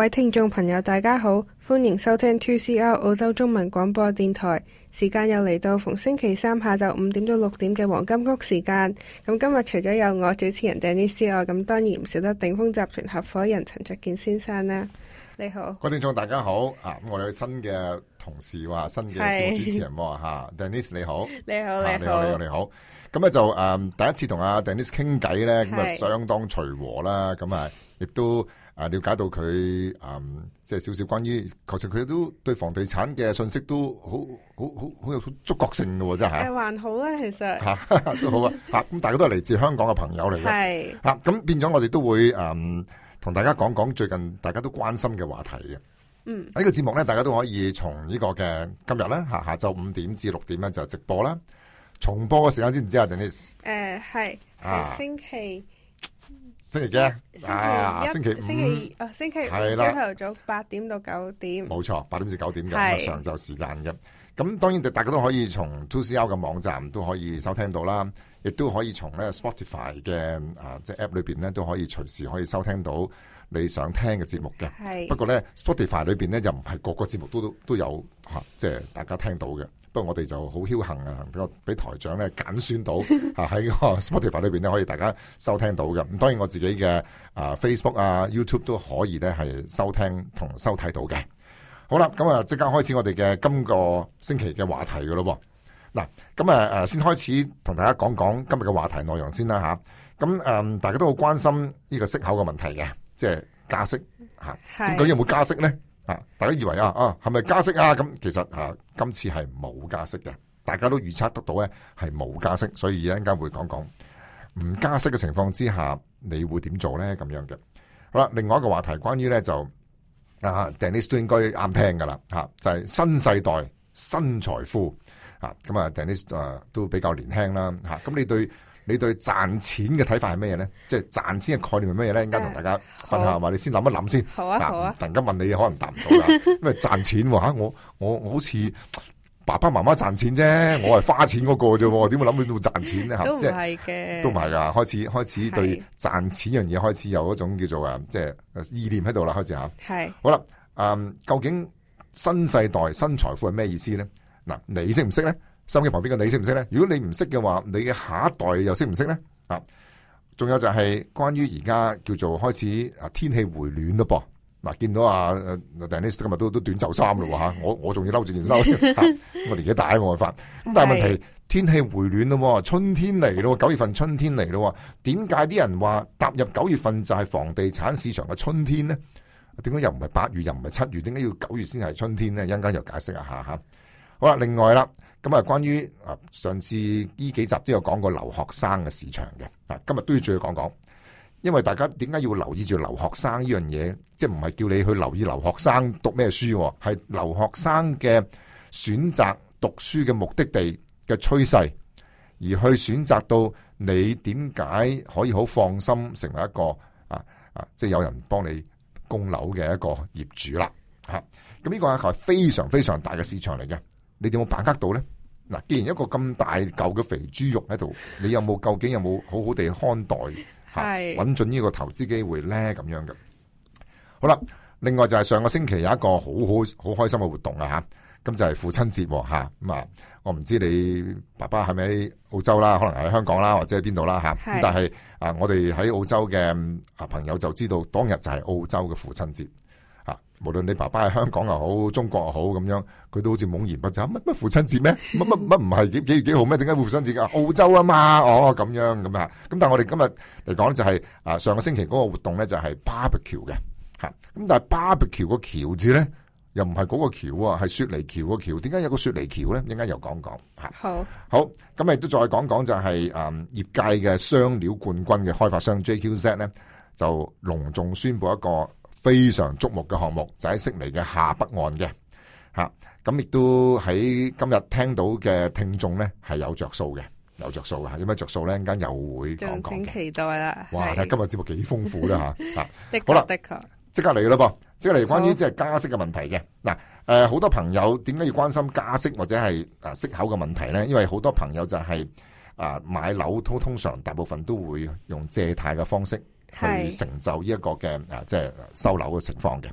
各位聽眾朋友，大家好，歡迎收聽 2CR 澳洲中文廣播電台。時間又嚟到，逢星期三下晝五點到六點嘅黃金屋時間。咁今日除咗有我主持人 Dennis 之外，咁當然唔少得鼎豐集團合伙人陳焯楗先生啦。你好聽眾，各位聽眾大家好啊！咁我有新嘅同事話新嘅節目主持人吓 Dennis 你好，你好，你好，你好，你好。咁啊就誒第一次同阿 Denise n 傾偈咧，咁啊相當隨和啦。咁啊亦都。啊，瞭解到佢，嗯，即係少少關於，確實佢都對房地產嘅信息都好，好好好有觸覺性嘅喎，啊，真嚇。誒，還好啦，其實嚇 都好啊，嚇咁 大家都係嚟自香港嘅朋友嚟嘅，係嚇咁變咗我哋都會，嗯，同大家講講最近大家都關心嘅話題嘅。嗯，喺、啊呢個節目咧，大家都可以從個呢個嘅今日咧嚇下晝五點至六點咧就直播啦，重播嘅時間知唔知啊，Denise、呃。誒，係星期。啊星期嘅，星期五，星期二，哦，星期五朝頭早八點到九點，冇錯，八點至九點嘅是的 上晝時間嘅。咁當然，大家都可以從 2CR 嘅網站都可以收聽到啦，亦都可以從咧 Spotify 嘅啊即係 App 裏邊咧都可以隨時可以收聽到。你想聽嘅節目嘅，是不過咧，Spotify 裏邊咧又唔係個個節目都都有嚇、啊，即係大家聽到嘅。不過我哋就好僥幸啊，俾台長咧揀選到嚇喺 個 Spotify 裏邊咧可以大家收聽到嘅。咁當然我自己嘅啊 Facebook 啊 YouTube 都可以咧係收聽同收睇到嘅。好啦，咁啊即刻開始我哋嘅今個星期嘅話題嘅咯噃嗱，咁啊誒、啊、先開始同大家講講今日嘅話題內容先啦吓，咁、啊、誒、嗯，大家都好關心呢個息口嘅問題嘅。即係加息，吓，咁究竟有冇加息咧？啊是，大家以為啊啊，係咪加息啊？咁其實吓、啊、今次係冇加息嘅，大家都預測得到咧係冇加息，所以講一陣間會講講唔加息嘅情況之下，你會點做咧？咁樣嘅，好啦，另外一個話題關於咧就啊，Dennis 都應該啱聽噶啦，吓、啊、就係、是、新世代新財富。咁啊 Dennis 啊, Dennis, 啊都比較年輕啦，吓、啊、咁你對，你對賺錢嘅睇法係咩嘢咧？即係賺錢嘅概念係咩嘢咧？一陣間同大家分享下，話好你先諗一諗先。好啊，啊好啊。突然間問你，可能答唔到啦。因為賺錢吓、啊，我我我好似爸爸媽媽賺錢啫，我係花錢嗰個啫，點會諗去到賺錢咧？吓 即，都唔係嘅，都唔係噶。開始開始對賺錢樣嘢開始有一種叫做啊，即、就、係、是、意念喺度啦。開始吓，係。 好啦，嗯，究竟新世代新財富係咩意思咧？嗱、啊，你識唔識咧？收音機旁邊嘅你識唔識咧？如果你唔識嘅話，你嘅下一代又識唔識咧？啊，仲有就係關於而家叫做開始啊，天氣回暖咯噃。嗱，見到啊 Dennis 今日都都短袖衫咯吓，我我仲要褸住件衫。我年紀 大了，冇辦法。咁但係問題，是天氣回暖咯，春天嚟咯，九月份春天嚟咯。點解啲人話踏入九月份就係房地產市場嘅春天咧？點解又唔係八月，又唔係七月？點解要九月先係春天咧？一陣間又解釋一下吓。好啦，另外啦，咁啊，關於啊上次呢幾集都有講過留學生嘅市場嘅，啊，今日都要再講講，因為大家點解要留意住留學生呢樣嘢？即係唔係叫你去留意留學生讀咩書，係留學生嘅選擇讀書嘅目的地嘅趨勢，而去選擇到你點解可以好放心成為一個啊啊，即係有人幫你供樓嘅一個業主啦，吓，咁呢個係非常非常大嘅市場嚟嘅。你有冇把握到呢？嗱，既然一個咁大嚿嘅肥豬肉喺度，你有冇究竟有冇好好地看待吓，揾準呢個投資機會呢？咁樣嘅好啦，另外就係上個星期有一個好好好開心嘅活動啊！嚇，咁就係父親節喎。咁啊、嗯、啊、是啊！我唔知你爸爸係咪喺澳洲啦，可能喺香港啦，或者喺邊度啦吓，但係啊，我哋喺澳洲嘅啊朋友就知道當日就係澳洲嘅父親節。無論你爸爸喺香港又好，中國又好咁樣，佢都好似懵然不解乜乜父親節咩？乜乜乜唔係幾幾月幾號咩？點解父親節噶？澳洲啊嘛，哦咁樣咁啊！咁但係我哋今日嚟講就係、是、啊上個星期嗰個活動咧就係 Barbe 橋嘅吓，咁但係 Barbe 橋個橋字咧又唔係嗰個橋，係雪梨橋個橋，點解有個雪梨橋咧？一陣間又講講吓，好好咁亦都再講講就係、是、啊、嗯、業界嘅雙料冠軍嘅開發商 JQZ 咧就隆重宣布一個。非常矚目嘅項目就喺、是、悉尼嘅下北岸嘅，吓咁亦都喺今日聽到嘅聽眾咧係有着數嘅，有着數嘅，有咩着數咧？陣間又會講講期待啦！哇，是睇今日節目幾豐富啦吓吓。即、 啊、刻嚟啦噃，即了刻嚟關於即係加息嘅問題嘅。嗱好，誒、啊，好多朋友點解要關心加息或者係誒息口嘅問題咧？因為好多朋友就係、是、啊買樓通通常大部分都會用借貸嘅方式。是去成就呢一個嘅誒，即、啊、係、就是、收樓嘅情況嘅。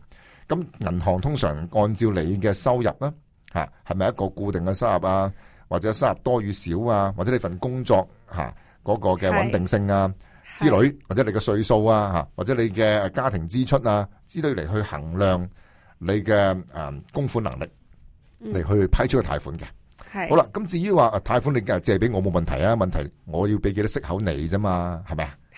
咁銀行通常按照你嘅收入啦，吓係咪一個固定嘅收入啊，或者收入多與少啊，或者你份工作吓嗰、啊那個嘅穩定性啊是之類是或啊啊，或者你嘅歲數啊吓，或者你嘅家庭支出啊之類嚟去衡量你嘅誒、啊、供款能力嚟去批出個貸款嘅。係是好啦，咁至於話貸款你梗係借俾我冇問題啊，問題我要俾幾多息口你啫嘛，係咪啊？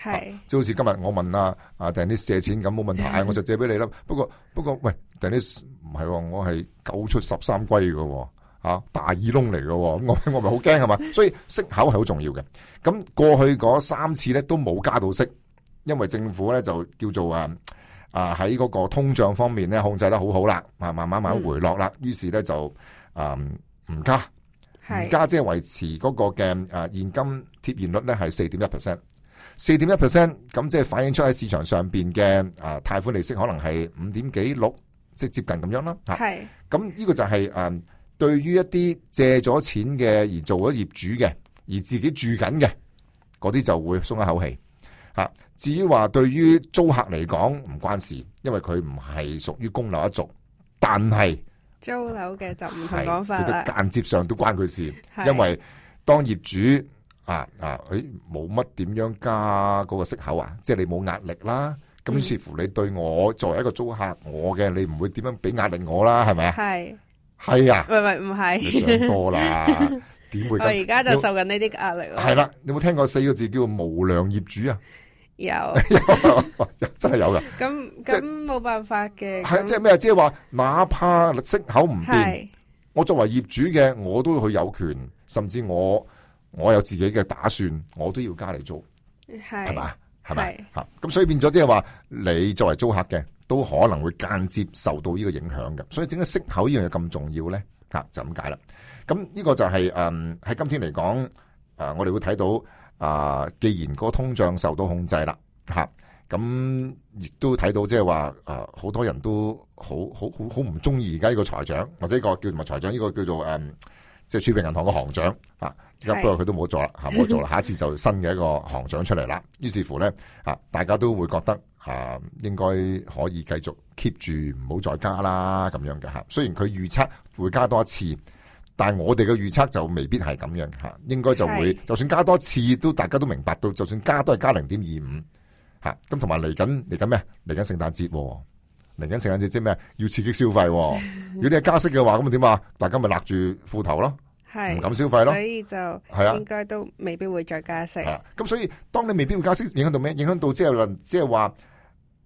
係，即係是、啊、好似今日我問啊，啊 Dennis 借錢咁冇問題， 我就借俾你啦。不過不過喂，Dennis 唔係我係九出十三歸噶吓，大耳窿嚟噶我我咪好驚係嘛。 所以息口係好重要嘅。咁過去嗰三次咧都冇加到息，因為政府咧就叫做啊啊喺嗰個通脹方面咧控制得好好啦，啊慢慢慢慢回落啦，於、嗯、是咧就嗯唔、啊、加，而家即係維持嗰個嘅現金貼現率咧係四點一 percent。四點一 percent，咁即係反映出喺市場上邊嘅啊，貸款利息可能係五點幾六，6，即接近咁樣啦。係是，咁呢個就係誒，對於一啲借咗錢嘅而做咗業主嘅，而自己住緊嘅嗰啲就會鬆一口氣。吓，至於話對於租客嚟講唔關事，因為佢唔係屬於供樓一族，但係租樓嘅就唔同講法啦。間接上都關佢事，是因為當業主。啊啊！誒、哎，冇乜點樣加嗰個息口啊？即係你冇壓力啦。咁似乎你對我、嗯、作為一個租客，我嘅你唔會點樣俾壓力我啦，係咪是啊？係係啊，唔係唔係，你想多啦？點 會？我而家就在有有受緊呢啲嘅壓力。係啦，你冇聽過四個字叫無良業主啊？有 真係有嘅。咁咁冇辦法嘅。係即係咩？即係話，哪怕息口唔變，的我作為業主嘅，我都去有權，甚至我。我有自己嘅打算，我都要加嚟租，係是，係嘛，係嘛，吓是，咁所以變咗即係話，你作為租客嘅，都可能會間接受到呢個影響嘅，所以點解息口呢樣嘢咁重要咧，吓就咁解啦。咁呢個就係誒喺今天嚟講、呃，我哋會睇到啊、呃，既然個通脹受到控制啦，吓、嗯，咁亦都睇到即係話，好、呃、多人都好好好好唔中意而家呢個財長或者個叫埋財長呢個叫做誒。即係儲備銀行嘅行長，啊，而家不過佢都冇做啦，嚇冇做啦，下一次就新嘅一個行長出嚟啦。於是乎咧，啊，大家都會覺得嚇應該可以繼續 keep 住唔好再加啦咁樣嘅嚇。雖然佢預測會加多一次，但係我哋嘅預測就未必係咁樣嚇。應該就會，是就算加多一次，都大家都明白到，就算加都係加零點二五嚇。咁同埋嚟緊嚟緊咩啊？嚟緊聖誕節喎、哦。零緊時間節即係咩？要刺激消費。如果你係加息嘅話，咁啊點啊？大家咪勒住褲頭咯，係，唔敢消費咯。所以就係啊，應該都未必會再加息。咁，啊，所以當你未必會加息，影響到咩？影響到即係論，即係話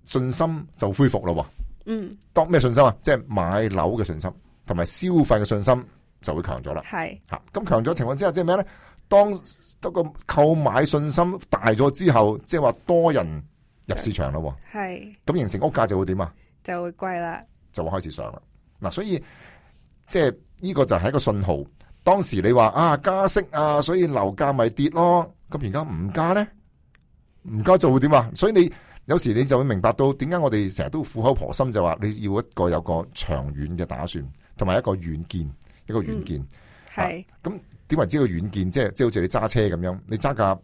信心就恢復咯。嗯，當咩信心啊？即係買樓嘅信心，同埋，係，消費嘅信心就會強咗啦。係吓咁強咗情況之下，即係咩咧？當嗰個購買信心大咗之後，即係話多人入市場咯。係咁，係，咁形成屋價就會點啊？就會貴啦，就會開始上啦。嗱、啊，所以即係呢個就係一個信號。當時你話啊加息啊，所以樓價咪跌咯。咁而家唔加咧，唔加就會點啊？所以你有時你就會明白到點解我哋成日都苦口婆心就話你要一個有個長遠嘅打算，同埋一個遠見，一個遠見。係咁點為之個遠見？即係即係好似你揸車咁樣，你揸架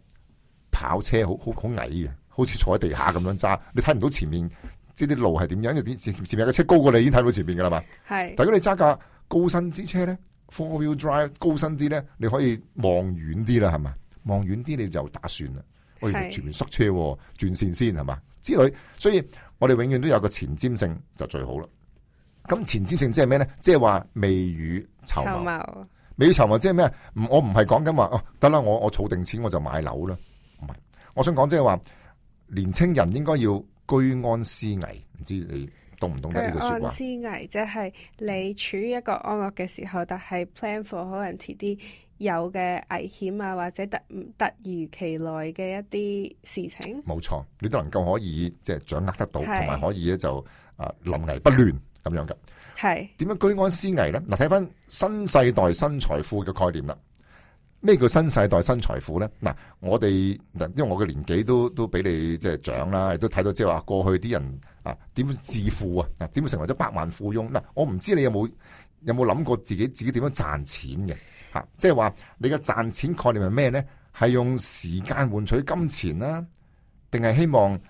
跑車好好好矮嘅，好似坐喺地下咁樣揸，你睇唔到前面。即啲路係點樣？前面有個車高過你，已經睇到前面㗎啦嘛。係，但是如果你揸架高身啲車咧，four-wheel drive 高身啲咧，你可以望遠啲啦，係嘛？望遠啲你就打算啦。喂是，前面塞車，轉線先係嘛之類。所以我哋永遠都有個前瞻性就最好啦。咁前瞻性即係咩咧？即係話未雨綢繆。未雨綢繆即係咩？我唔係講緊話哦，得、啊、啦，我我儲定錢我就買樓啦。唔係，我想講即係話，年青人應該要。居安思危，唔知你懂唔懂得呢句說話？居安思危，即係你處於一個安樂嘅時候，但係 plan for 可能遲啲有嘅危險啊，或者突突如其來嘅一啲事情。冇錯，你都能夠可以即係掌握得到，同埋是可以咧就啊，呃、臨危不亂咁樣嘅係。點是樣居安思危咧？嗱，睇翻新世代新財富嘅概念啦。咩叫新世代新財富咧？嗱，我哋，因為我嘅年紀都都比你即係長啦，亦都睇到即係話過去啲人啊，點樣致富啊，啊，點、啊、成為咗百萬富翁？嗱、啊，我唔知你有冇有冇諗過自己自己點樣賺錢嘅？吓、啊，即係話你嘅賺錢概念係咩咧？係用時間換取金錢啦、啊，定係希望？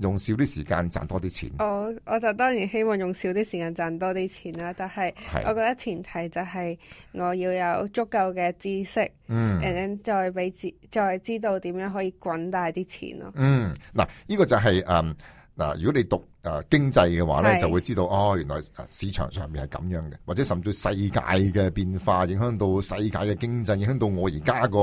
用少啲時間賺多啲錢我。我我就當然希望用少啲時間賺多啲錢啦。但係，我覺得前提就係我要有足夠嘅知識，的嗯，and then 再俾知，再知道點樣可以滾大啲錢咯。嗯，嗱，呢個就係、是、誒。Um 嗱，如果你讀誒經濟嘅話咧，是就會知道哦，原來市場上面係咁樣嘅，或者甚至世界嘅變化影響到世界嘅經濟，影響到我而家個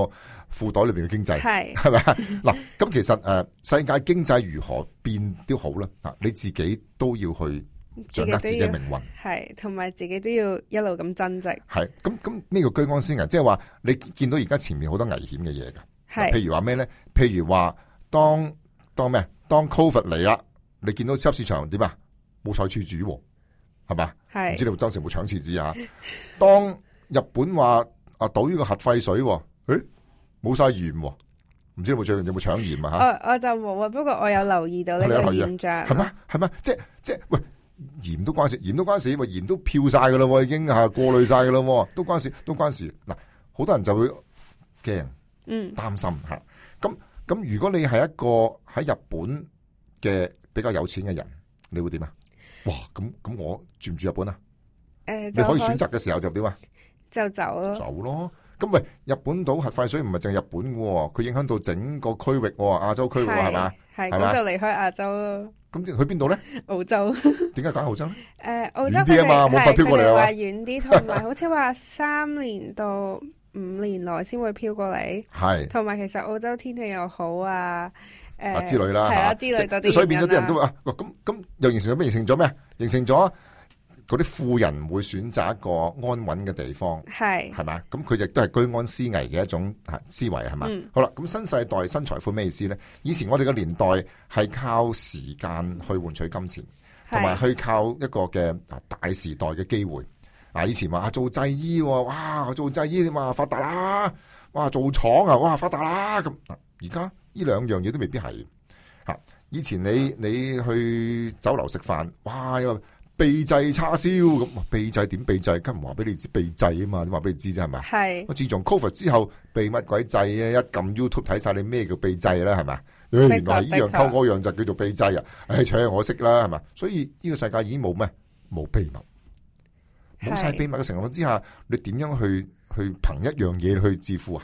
褲袋裏邊嘅經濟，係咪？嗱，咁吧 其實誒、呃、世界經濟如何變都好啦，啊你自己都要去掌握自己嘅命運，係同埋自己都要一路咁增值。係咁，咁咩叫居安思危？即係話你見到而家前面好多危險嘅嘢嘅，譬如話咩咧？譬如話當當咩啊？當 COVID 嚟啦～你見到超級市場點啊？冇晒廁紙，係嘛？唔是知你當時有冇搶廁紙啊？ 當日本話啊，倒呢個核廢水，誒，冇晒鹽，唔知有冇最近有冇搶鹽啊？吓、欸啊啊，我就冇，不過我有留意到呢個現象，係嘛 係嘛？即係即係，喂，鹽都關事，鹽都關事，喂，鹽都漂晒噶啦，已經吓過濾晒噶啦，都關事，都關事。嗱，好多人就會驚，嗯，擔心吓。咁咁，如果你係一個喺日本嘅。比較有錢嘅人，你會點啊？哇，咁咁我住唔住日本啊？誒、呃，你可以選擇嘅時候就點啊？就走咯。走咯，咁喂，日本島核廢水唔係淨係日本嘅，佢影響到整個區域，亞洲區域係嘛？係是，咁吧就離開亞洲咯。咁去邊度咧？澳洲。點解揀澳洲咧？誒，澳洲遠啲啊嘛，冇法漂過嚟啊嘛。遠啲，同埋好似話三年到五年內先會漂過嚟，係。同埋其實澳洲天氣又好啊。誒主持人，之類啦吓、啊，即係所以變咗啲人都話，咁咁又形成咗咩？形成咗咩？形成咗嗰啲富人會選擇一個安穩嘅地方，係係嘛？咁佢亦都係居安思危嘅一種吓思維係嘛？好啦，咁新世代新財富咩意思咧？以前我哋個年代係靠時間去換取金錢，同埋去靠一個嘅大時代嘅機會。啊，以前話做製衣、啊，哇，做製衣點啊，啊發達啦、啊！哇、啊，做廠啊，哇、啊，發達啦！咁而家。呢兩樣嘢都未必係吓，以前你你去酒樓食飯，哇有秘製叉燒咁秘製點秘製，咁唔話俾你知秘製啊嘛，你話俾你知啫係咪？係我是自從 COVID 之後，秘密鬼制咧？一撳 YouTube 睇晒，你咩叫秘製啦？係咪？須原來係呢樣溝嗰樣就叫做秘製啊！唉、哎，且我識啦，係嘛？所以呢個世界已經冇咩，冇秘密，冇晒秘密嘅情況之下，你點樣去去憑一樣嘢去致富啊？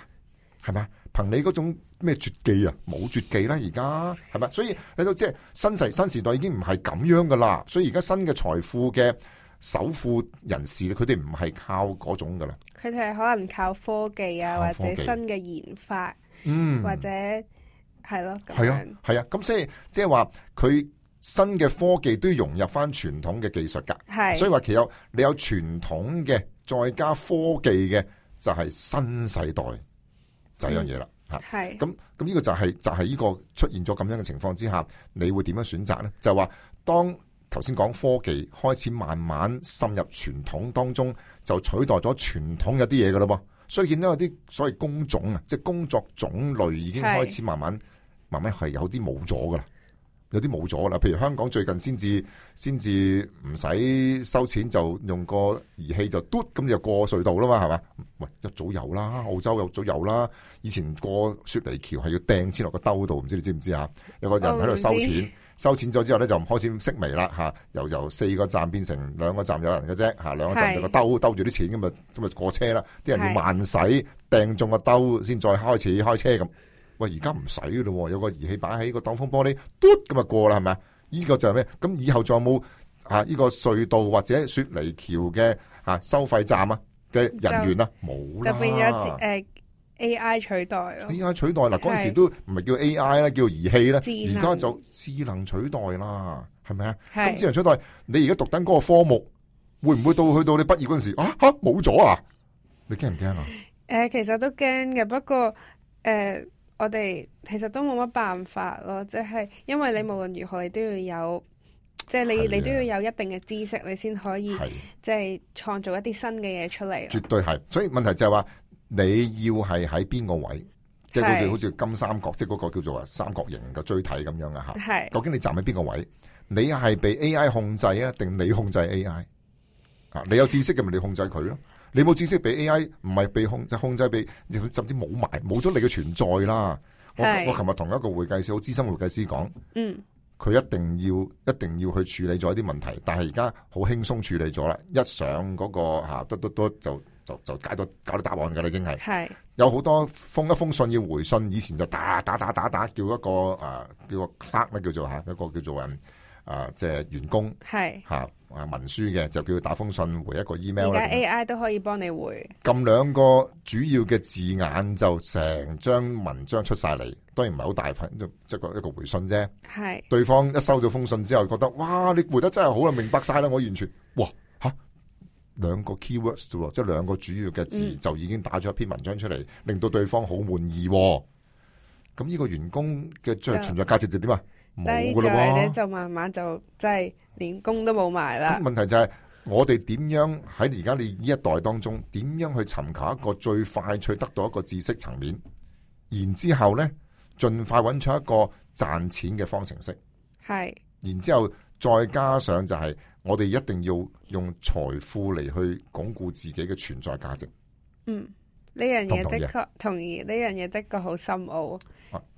係咪憑你嗰種咩絕技啊？冇絕技啦，而家係咪？所以喺度即係新世新時代已經唔係咁樣噶啦。所以而家新嘅財富嘅首富人士，佢哋唔係靠嗰種噶啦。佢哋係可能靠科技啊，技或者新嘅研發，嗯，或者係咯，係啊，係啊。咁所以即係話佢新嘅科技都要融入翻傳統嘅技術噶，係是。所以話其有你有傳統嘅，再加科技嘅，就係、是、新世代。就一樣嘢啦，吓、嗯，咁咁呢個就係、是、就係、是、呢個出現咗咁樣嘅情況之下，你會點樣選擇呢？就話、是、當頭先講科技開始慢慢滲入傳統當中，就取代咗傳統嘅啲嘢噶啦噃，所以見到有啲所謂工種啊，即、就、係、是、工作種類已經開始慢慢是慢慢係有啲冇咗噶啦。有啲冇咗啦，譬如香港最近先至先至唔使收錢就用個儀器就嘟咁就過隧道啦嘛，係嘛？喂，一早有啦，澳洲一早有啦。以前過雪梨橋係要掟錢落個兜度，唔知你知唔知啊？有個人喺度收錢，收錢咗之後咧就唔開始熄微啦嚇，由由四個站變成兩個站有人嘅啫嚇，兩個站就個兜是兜住啲錢咁啊咁咪過車啦，啲人要慢駛掟是中個兜先再開始開車咁。而家唔使噶咯，有個儀器擺喺個擋風玻璃，嘟咁就過啦，係咪？呢、這個就係咩？咁以後仲有冇啊？依、這個隧道或者雪梨橋嘅啊，收費站啊嘅人員啊，冇啦就。入面有誒 AI 取代咯，AI 取代嗱，嗰陣時都唔係叫 AI 啦是，叫儀器咧。而家就智能取代啦，係咪啊？咁智能取代，你而家讀緊嗰個科目，會唔會到去到你畢業嗰陣時啊吓冇咗啊？你驚唔驚啊？誒、呃，其實都驚嘅，不過誒。呃我哋其實都冇乜辦法咯，即係因為你無論如何，你都要有，即係你的你都要有一定嘅知識，你先可以即係的創造一啲新嘅嘢出嚟。絕對係，所以問題就係話，你要係喺邊個位，即係好似好似金三角，即係嗰個叫做啊三角形嘅椎體咁樣嘅吓。係的究竟你站喺邊個位？你係被 AI 控制啊，定你控制 AI 啊？你有知識嘅咪你控制佢咯？ 你冇知識俾 AI，唔係被控，就控制俾，甚至冇埋，冇咗你嘅存在啦。是我我琴日同一個會計師，好資深會計師講，佢、嗯、一定要一定要去處理咗一啲問題，但係而家好輕鬆處理咗啦。一上嗰、那個嚇，都、啊、都就就就解到搞到答案㗎啦，已經係。係是。有好多封一封信要回信，以前就打打打打打，叫一個誒、啊，叫個 clerk 咧，叫做嚇，一個叫做人啊，即、就、係、是、員工。係是。嚇、啊。啊，文書嘅就叫佢打封信，回一個 email 啦。而家 A I 都可以幫你回。撳兩個主要嘅字眼就成張文章出晒嚟，當然唔係好大份，即係一個一個回信啫。係是。對方一收咗封信之後，覺得哇，你回得真係好啦，明白晒啦，我完全哇吓。兩個 keywords 即係兩個主要嘅字就已經打咗一篇文章出嚟，嗯、令到對方好滿意。咁呢個員工嘅將存在價值係點啊？第二就慢慢就即係連工都冇埋啦。問題就係我哋點樣喺而家你呢一代當中，點樣去尋求一個最快趣得到一個知識層面然，然之後咧，盡快揾出一個賺錢嘅方程式。係，然之後再加上就係我哋一定要用財富嚟去鞏固自己嘅存在價值。嗯，呢樣嘢的確，同意呢樣嘢的確好深奧。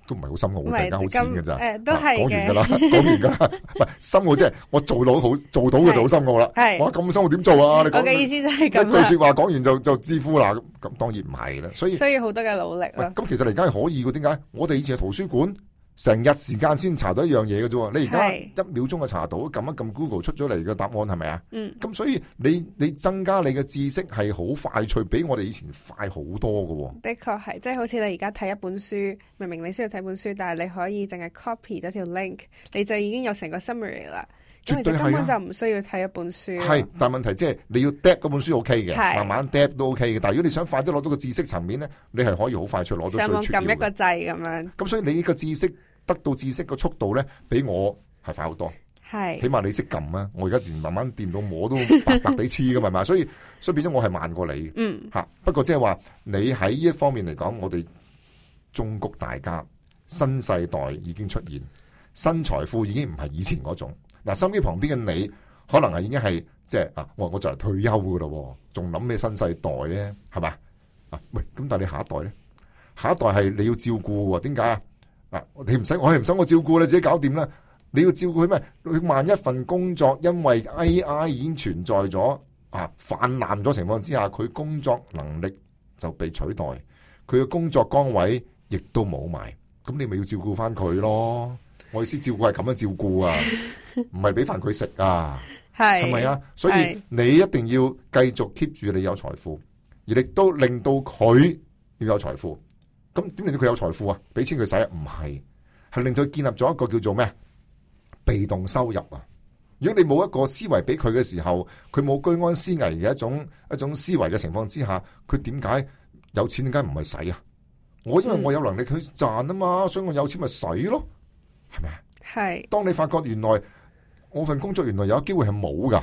都唔係好深奧，就而家好淺嘅咋，講、欸、完噶啦，講 完噶，啦唔係深奧，即係我做到好， 做到嘅就好深奧啦。係 哇，咁深奧點做啊？你講嘅意思就係咁啦。一句說話講完就就致富啦，咁當然唔係啦，所以需要好多嘅努力啦。咁其實嚟緊係可以嘅，點解？我哋以前係圖書館。成日時間先查到一樣嘢嘅啫，你而家一秒鐘就查到，撳一撳 Google 出咗嚟嘅答案係咪啊？咁、嗯、所以你你增加你嘅知識係好快脆，比我哋以前快好多嘅。的確係，即係好似你而家睇一本書，明明你需要睇本書，但係你可以淨係 copy 咗條 link，你就已經有成個 summary 啦。絕對係，根本就唔需要睇一本書。係，但問題即係你要 read 嗰本書 OK 嘅，是慢慢 read 都 OK 嘅。但係如果你想快啲攞到個知識層面咧，你係可以好快脆攞到最出。上網撳一個掣咁樣。咁所以你呢個知識得到知識嘅速度咧，比我係快好多。係是，起碼你識撳啊！我而家字慢慢掂到，我都白白地黐噶嘛。所以所以變咗我係慢過你。嗯。吓，不過即係話你喺呢一方面嚟講，我哋中谷大家、嗯、新世代已經出現，新財富已經唔係以前嗰種。嗱，身邊旁邊嘅你，可能係已經係即係啊！我我就嚟退休噶咯，仲諗咩新世代咧？係嘛？啊，喂！咁但係你下一代咧？下一代係你要照顧喎？點解啊？啊，你唔使，我係唔使我照顧，你自己搞掂啦。你要照顧佢咩？佢萬一份工作因為 A.I. 已經存在咗啊，泛濫咗情況之下，佢工作能力就被取代，佢嘅工作崗位亦都冇埋，咁你咪要照顧翻佢咯。我意思是照顧係咁樣照顧啊，唔係俾飯佢食啊，係咪 啊？所以你一定要繼續 keep 住你有財富，而亦都令到佢要有財富。咁點令到佢有財富啊？俾錢佢使啊？唔係，係令到佢建立咗一個叫做咩被動收入啊。如果你冇一個思維俾佢嘅時候，佢冇居安思危嘅一種一種思維嘅情況之下，佢點解有錢點解唔係使啊？我因為我有能力去賺啊嘛，所以我有錢咪使咯。係咪啊？係。是當你發覺原來我份工作原來有機會係冇噶，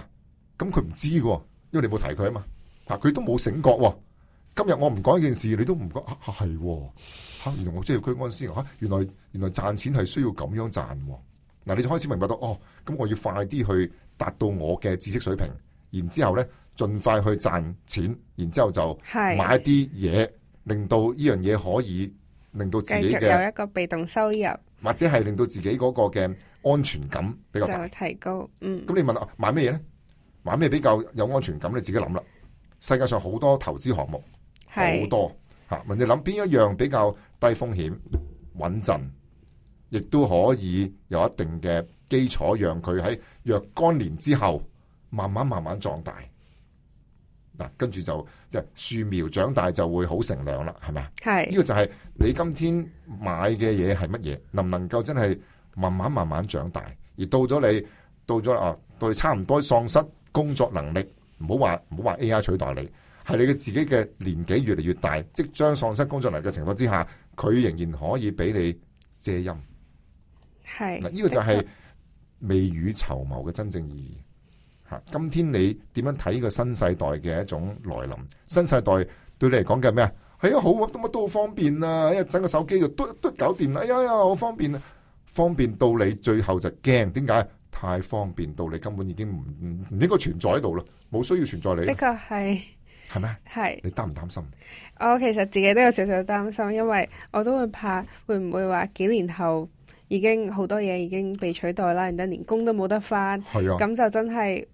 咁佢唔知噶，因為你冇提佢啊嘛。嗱，佢都冇醒覺。今日我唔講一件事，你都唔覺係。吓、啊啊，原來我即係要區安先，吓、啊，原來原來賺錢係需要咁樣賺。嗱，你就開始明白到哦，咁我要快啲去達到我嘅知識水平，然之後咧盡快去賺錢，然之後就買啲嘢，令到呢樣嘢可以令到自己嘅有一個被動收入。或者係令到自己嗰個嘅安全感比較大，就提高，嗯。咁你問我買咩嘢咧？買咩比較有安全感？你自己諗啦。世界上好多投資項目，好是 多嚇，問你諗邊一樣比較低風險、穩陣，亦都可以有一定嘅基礎，讓佢喺若干年之後慢慢慢慢壯大。跟住就即樹苗長大就會好乘涼啦，係咪啊？係呢個就係你今天買嘅嘢係乜嘢，能唔能夠真係慢慢慢慢長大，而到咗你到咗啊，到你差唔多喪失工作能力，唔好話唔好話 AI 取代你，係你嘅自己嘅年紀越嚟越大，即將喪失工作能力嘅情況之下，佢仍然可以俾你遮蔭。係呢個就係未雨綢繆嘅真正意義。今天你點樣睇呢個新世代嘅一種來臨？新世代對你嚟講嘅咩啊？係、哎、啊，好乜都好方便啊！因為整個手機度都都搞掂啦，哎呀呀，好方便啊！方便到你最後就驚，點解？太方便到你根本已經唔唔唔應該存在喺度啦，冇需要存在你。的確係係咪？係嗎是你擔唔擔心？我其實自己都有少少擔心，因為我都會怕會唔會話幾年後已經好多嘢已經被取代啦，然之後連工都冇得返，咁、啊、就真係。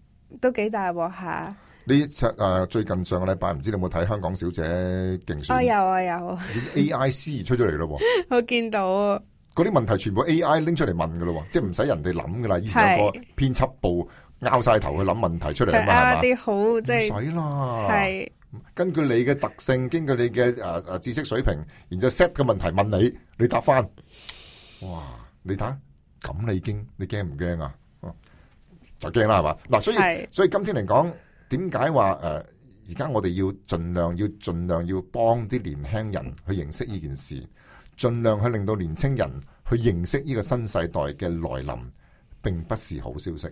都幾大鑊吓！你誒，最近上個禮拜唔知你有冇睇《香港小姐競選》啊？我有啊有。啊。A I C 出咗嚟咯， 我見到、啊。嗰啲問題全部 A I 拎出嚟問噶咯，即係唔使人哋諗噶啦，以前有個編輯部拗晒頭去諗問題出嚟啊嘛，啲是吧好即係。唔使啦，係是根據你嘅特性，根據你嘅誒誒知識水平，然之後 set 個問題問你，你答翻。哇！你睇咁你已經？你驚唔驚啊？就驚啦係嘛，嗱，所以所以今天嚟講，點解話誒而家我哋要盡量要盡量要幫啲年輕人去認識呢件事，盡量去令到年輕人去認識呢個新世代嘅來臨，並不是好消息，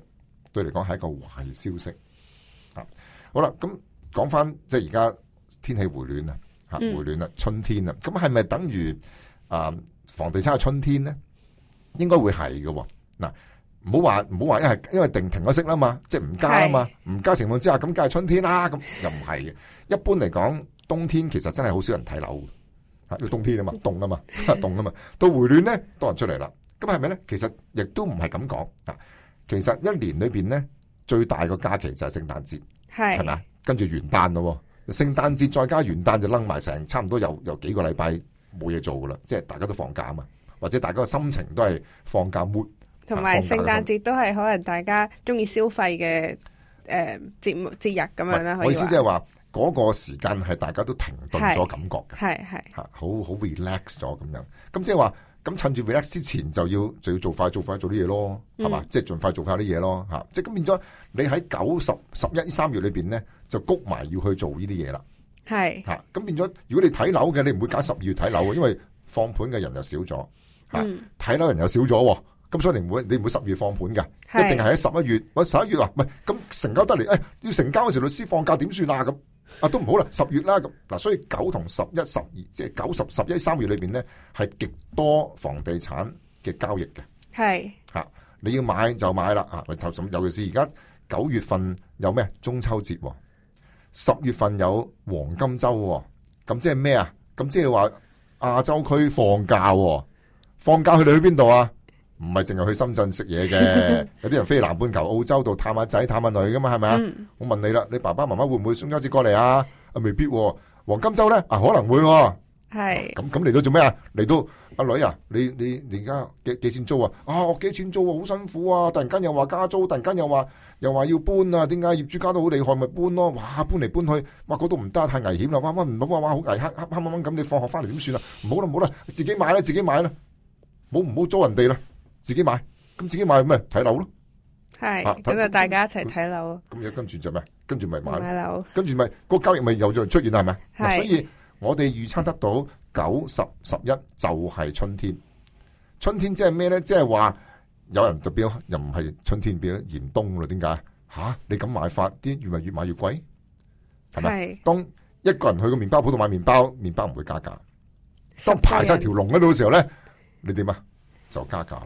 對嚟講係一個壞消息。吓、啊、好啦，咁講翻即係而家天氣回暖啦，吓、啊、回暖啦，春天啦，咁係咪等於啊房地產嘅春天咧？應該會係嘅。嗱。啊唔好話唔好話，因為因為定停咗息啦嘛，即係唔加啊嘛，唔是加情況之下，咁梗係春天啦，咁又唔係嘅。一般嚟講，冬天其實真係好少人睇樓，吓，要冬天啊嘛，凍啊嘛，凍啊嘛，嘛。到回暖咧，多人出嚟啦。咁係咪咧？其實亦都唔係咁講啊。其實一年裏邊咧，最大個假期就係聖誕節，係，係嘛？跟住元旦咯，聖誕節再加元旦就楞埋成差唔多有有幾個禮拜冇嘢做噶啦，即係大家都放假啊嘛，或者大家個心情都係放假末。同埋聖誕節都係可能大家中意消費嘅誒節目節日咁樣啦。我意思即係話嗰個時間係大家都停頓咗感覺嘅，係係嚇好好 relax 咗咁樣。咁即係話咁趁住 relax 之前就要就要做快做快做啲嘢咯，係嘛、嗯？即係盡快做快啲嘢咯，嚇！即係咁變咗你喺九十十一三月裏邊咧，就谷埋要去做呢啲嘢啦。係嚇，咁變咗，如果你睇樓嘅，你唔會揀十二月睇樓嘅，因為放盤嘅人又少咗，嚇睇、嗯、樓的人又少咗。咁所以你唔會，你唔會十月放盤嘅，一定係喺十一月。喂是，十一月啊，唔係咁成交得嚟。誒、哎，要成交嗰時，律師放假點算啊？咁啊，都唔好啦。十月啦，咁嗱，所以九同十一、十二，即係九十、十一、三月裏邊咧，係極多房地產嘅交易嘅。係吓是、啊，你要買就買啦。啊，投尤其是而家九月份有咩？中秋節、哦，十月份有黃金周、哦。咁即係咩啊？咁即係話亞洲區放假、哦，放假去到去邊度啊？唔係淨係去深圳食嘢嘅， 有啲人飛南半球澳洲度探下仔探下女噶嘛，係咪啊？嗯、我問你啦，你爸爸媽媽會唔會中秋節過嚟啊？啊未必啊，黃金周咧啊可能會係咁咁嚟到做咩啊？嚟到阿女啊，你你你而家幾幾錢租啊？啊我幾錢租啊？好辛苦啊！突然間又話加租，突然間又話又話要搬啊？點解業主加到好厲害？咪搬咯、啊！哇搬嚟搬去，哇嗰度唔得，太危險啦！掹掹唔好掹掹，好危吓！掹掹掹咁，你放學翻嚟點算啊？唔好啦唔好啦，自己買啦自己買啦，冇唔好租人哋啦。自己買，咁自己買咩睇樓咯？係，咁就是看大家一齊睇樓。咁又跟住就咩？跟住咪買。樓。跟住咪、個交易咪又再出現係咪？是是是所以我哋預測得到九、十、十一就係春天。春天即係咩咧？即係話有人就變，又唔係春天變咗嚴冬咯？點解？吓、啊，你咁買法啲越咪越買越貴，係咪？是當一個人去個麵包鋪度買麵包，麵包唔會加價。當排晒條龍咧，嘅時候咧，你點啊？就加價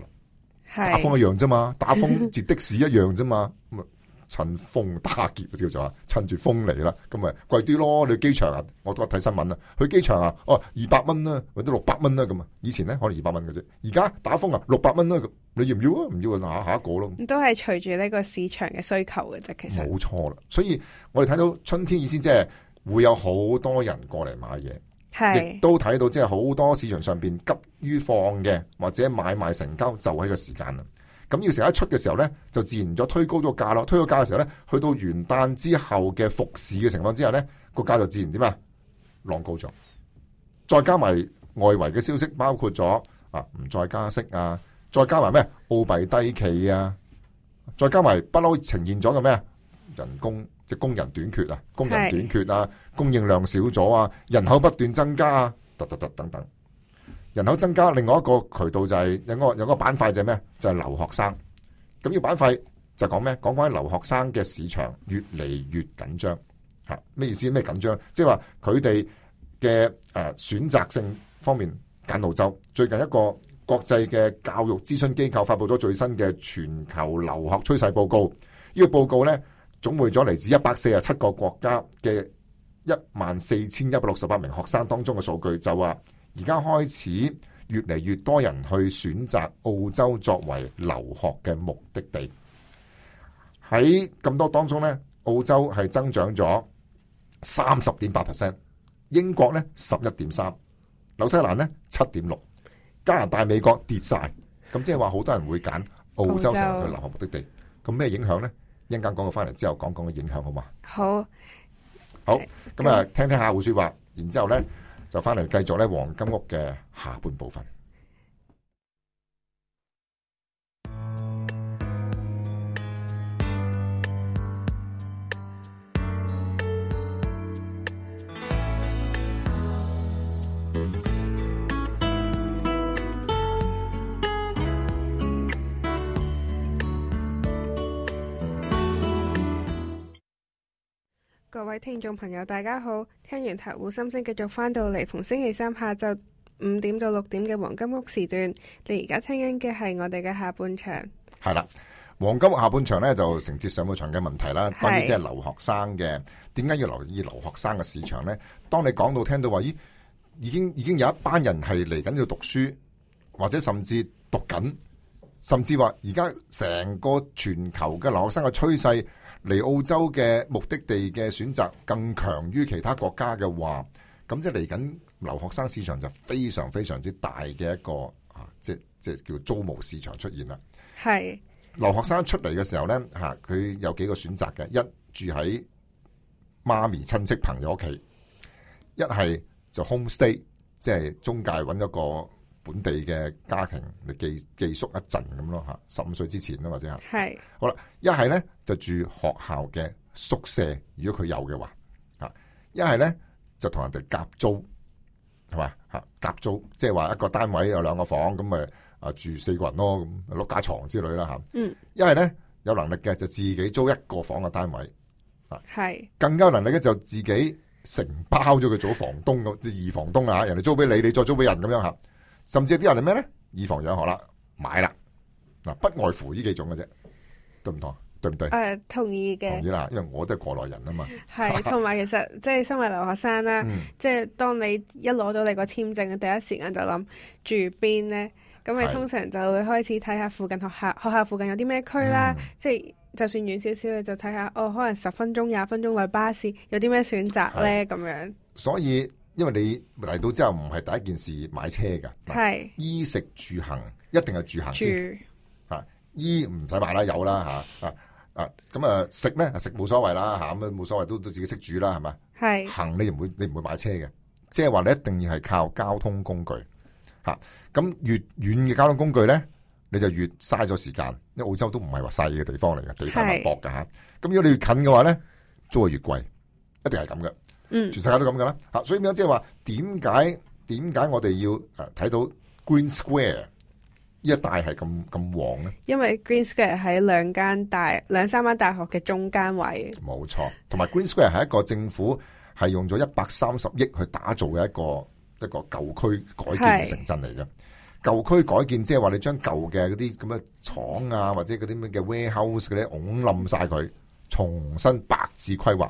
是打風一樣啫嘛，打風接的士一樣啫嘛，咁啊 趁風打劫叫做啊，趁住風嚟啦，咁咪貴啲咯。你去機場啊，我都睇新聞啦，去機場啊，哦二百蚊啦，或者六百蚊啦咁啊，以前咧可能二百蚊嘅啫，而家打風啊六百蚊啦咁，你要唔要啊？唔要啊，下下一個咯。都係隨住呢個市場嘅需求嘅啫，其實。冇錯啦，所以我哋睇到春天意思即係會有好多人過嚟買嘢。亦都睇到，即係好多市場上邊急於放嘅，或者買賣成交就喺個時間啦。咁要成日一出嘅時候咧，就自然咗推高咗價咯。推咗價嘅時候咧，去到元旦之後嘅復市嘅情況之下咧，個價就自然點啊，浪高咗。再加埋外圍嘅消息，包括咗啊唔再加息啊，再加埋咩澳幣低企啊，再加埋不嬲呈現咗個咩啊人工。即工人短缺啊，工人短缺啊，是供應量少咗啊，人口不斷增加啊，等等等等，人口增加，另外一個渠道就係、是、有嗰個有嗰個板塊就係咩就係、是、留學生。咁呢個板塊就講咩？講翻留學生嘅市場越嚟越緊張。吓咩意思？咩緊張？即係話佢哋嘅誒選擇性方面揀澳洲。最近一個國際嘅教育諮詢機構發布咗最新嘅全球留學趨勢報告。呢、這個報告呢。總匯咗嚟自一百四十七個國家嘅一萬四千一百六十八名學生當中嘅數據，就話而家開始越嚟越多人去選擇澳洲作為留學嘅目的地。喺咁多當中呢，澳洲係增長咗三十點八 percent，英國呢十一點三，紐西蘭呢七點六，加拿大、美國跌晒。咁即係話好多人會揀澳洲成為佢留學目的地。咁咩影響呢？一陣間講過，翻嚟之後講講嘅影響好嘛？好，好，咁啊，聽聽下胡說話，然之後咧就翻嚟繼續咧黃金屋嘅下半部分。各位聽眾朋友，大家好！聽完客戶心聲，繼續翻到嚟，逢星期三下晝五點到六點嘅黃金屋時段，你而家聽緊嘅係我哋嘅下半場。係啦，黃金屋下半場呢，就承接上半場嘅問題啦。關於即係留學生嘅，點解是要留意留學生嘅市場呢？當你講到聽到話，咦，已經已經有一班人係嚟緊要讀書，或者甚至讀緊，甚至話而家成個全球嘅留學生嘅趨勢。嚟澳洲嘅目的地嘅選擇更強於其他國家嘅話，咁即係嚟緊留學生市場就非常非常之大嘅一個啊，即係叫租務市場出現啦。係是留學生出嚟嘅時候呢，嚇佢有幾個選擇嘅，一住喺媽咪親戚朋友屋企，一係就 homestay 即係中介揾一個。本地嘅家庭嚟寄寄宿一陣咁咯吓，十五歲之前啦或者係，係好啦，一係咧就住學校嘅宿舍，如果佢有嘅話，啊，一係咧就同人哋夾租，係嘛吓，夾租即係話一個單位有兩個房咁咪啊住四個人咯咁碌架床之類啦吓，嗯呢，一係咧有能力嘅就自己租一個房嘅單位，啊係，更加有能力嘅就自己承包咗佢做房東咁二房東啊，人哋租俾你，你再租俾人咁樣吓。甚至啲人係咩咧？以房養學啦，買啦了，嗱、啊，不外乎呢幾種嘅啫、嗯，對唔同對唔對？誒，同意嘅。同意啦，因為我都係過來人啊嘛。係，同埋其實 即係身為留學生啦，嗯、即係當你一攞到你個簽證，第一時間就諗住邊咧？咁你通常就會開始睇下附近學校，學校附近有啲咩區啦，即係、嗯、就算遠少少，你就睇下哦，可能十分鐘、廿分鐘內巴士有啲咩選擇咧，咁的這樣。所以。因為你嚟到之後唔係第一件事買車嘅，係衣是食住行，一定係住行先。住啊，衣唔使買啦，有啦吓啊啊，咁啊，啊，啊食咧食冇所謂啦吓，咁啊冇所謂都都自己識煮啦係嘛。係是行你唔會你唔會買車嘅，即係話你一定要係靠交通工具吓。咁、啊、越遠嘅交通工具咧，你就越嘥咗時間。因為澳洲都唔係話細嘅地方嚟嘅，地方薄噶吓。咁是、啊、如果你越近嘅話咧，租係越貴，一定係咁嘅。全世界都咁噶啦，吓所以點解即係話點解點解我哋要誒睇到 Green Square 一帶呢一帶係咁咁旺咧？因為 Green Square 喺兩間大兩三間大學嘅中間位，冇錯。同埋 Green Square 係一個政府係用咗一百三十億去打造嘅一個一個舊區改建嘅城鎮嚟嘅。舊區是改建即係話你將舊嘅嗰啲咁嘅廠啊，或者嗰啲咩嘅 warehouse 嗰啲，㧬冧晒佢，重新白紙規劃。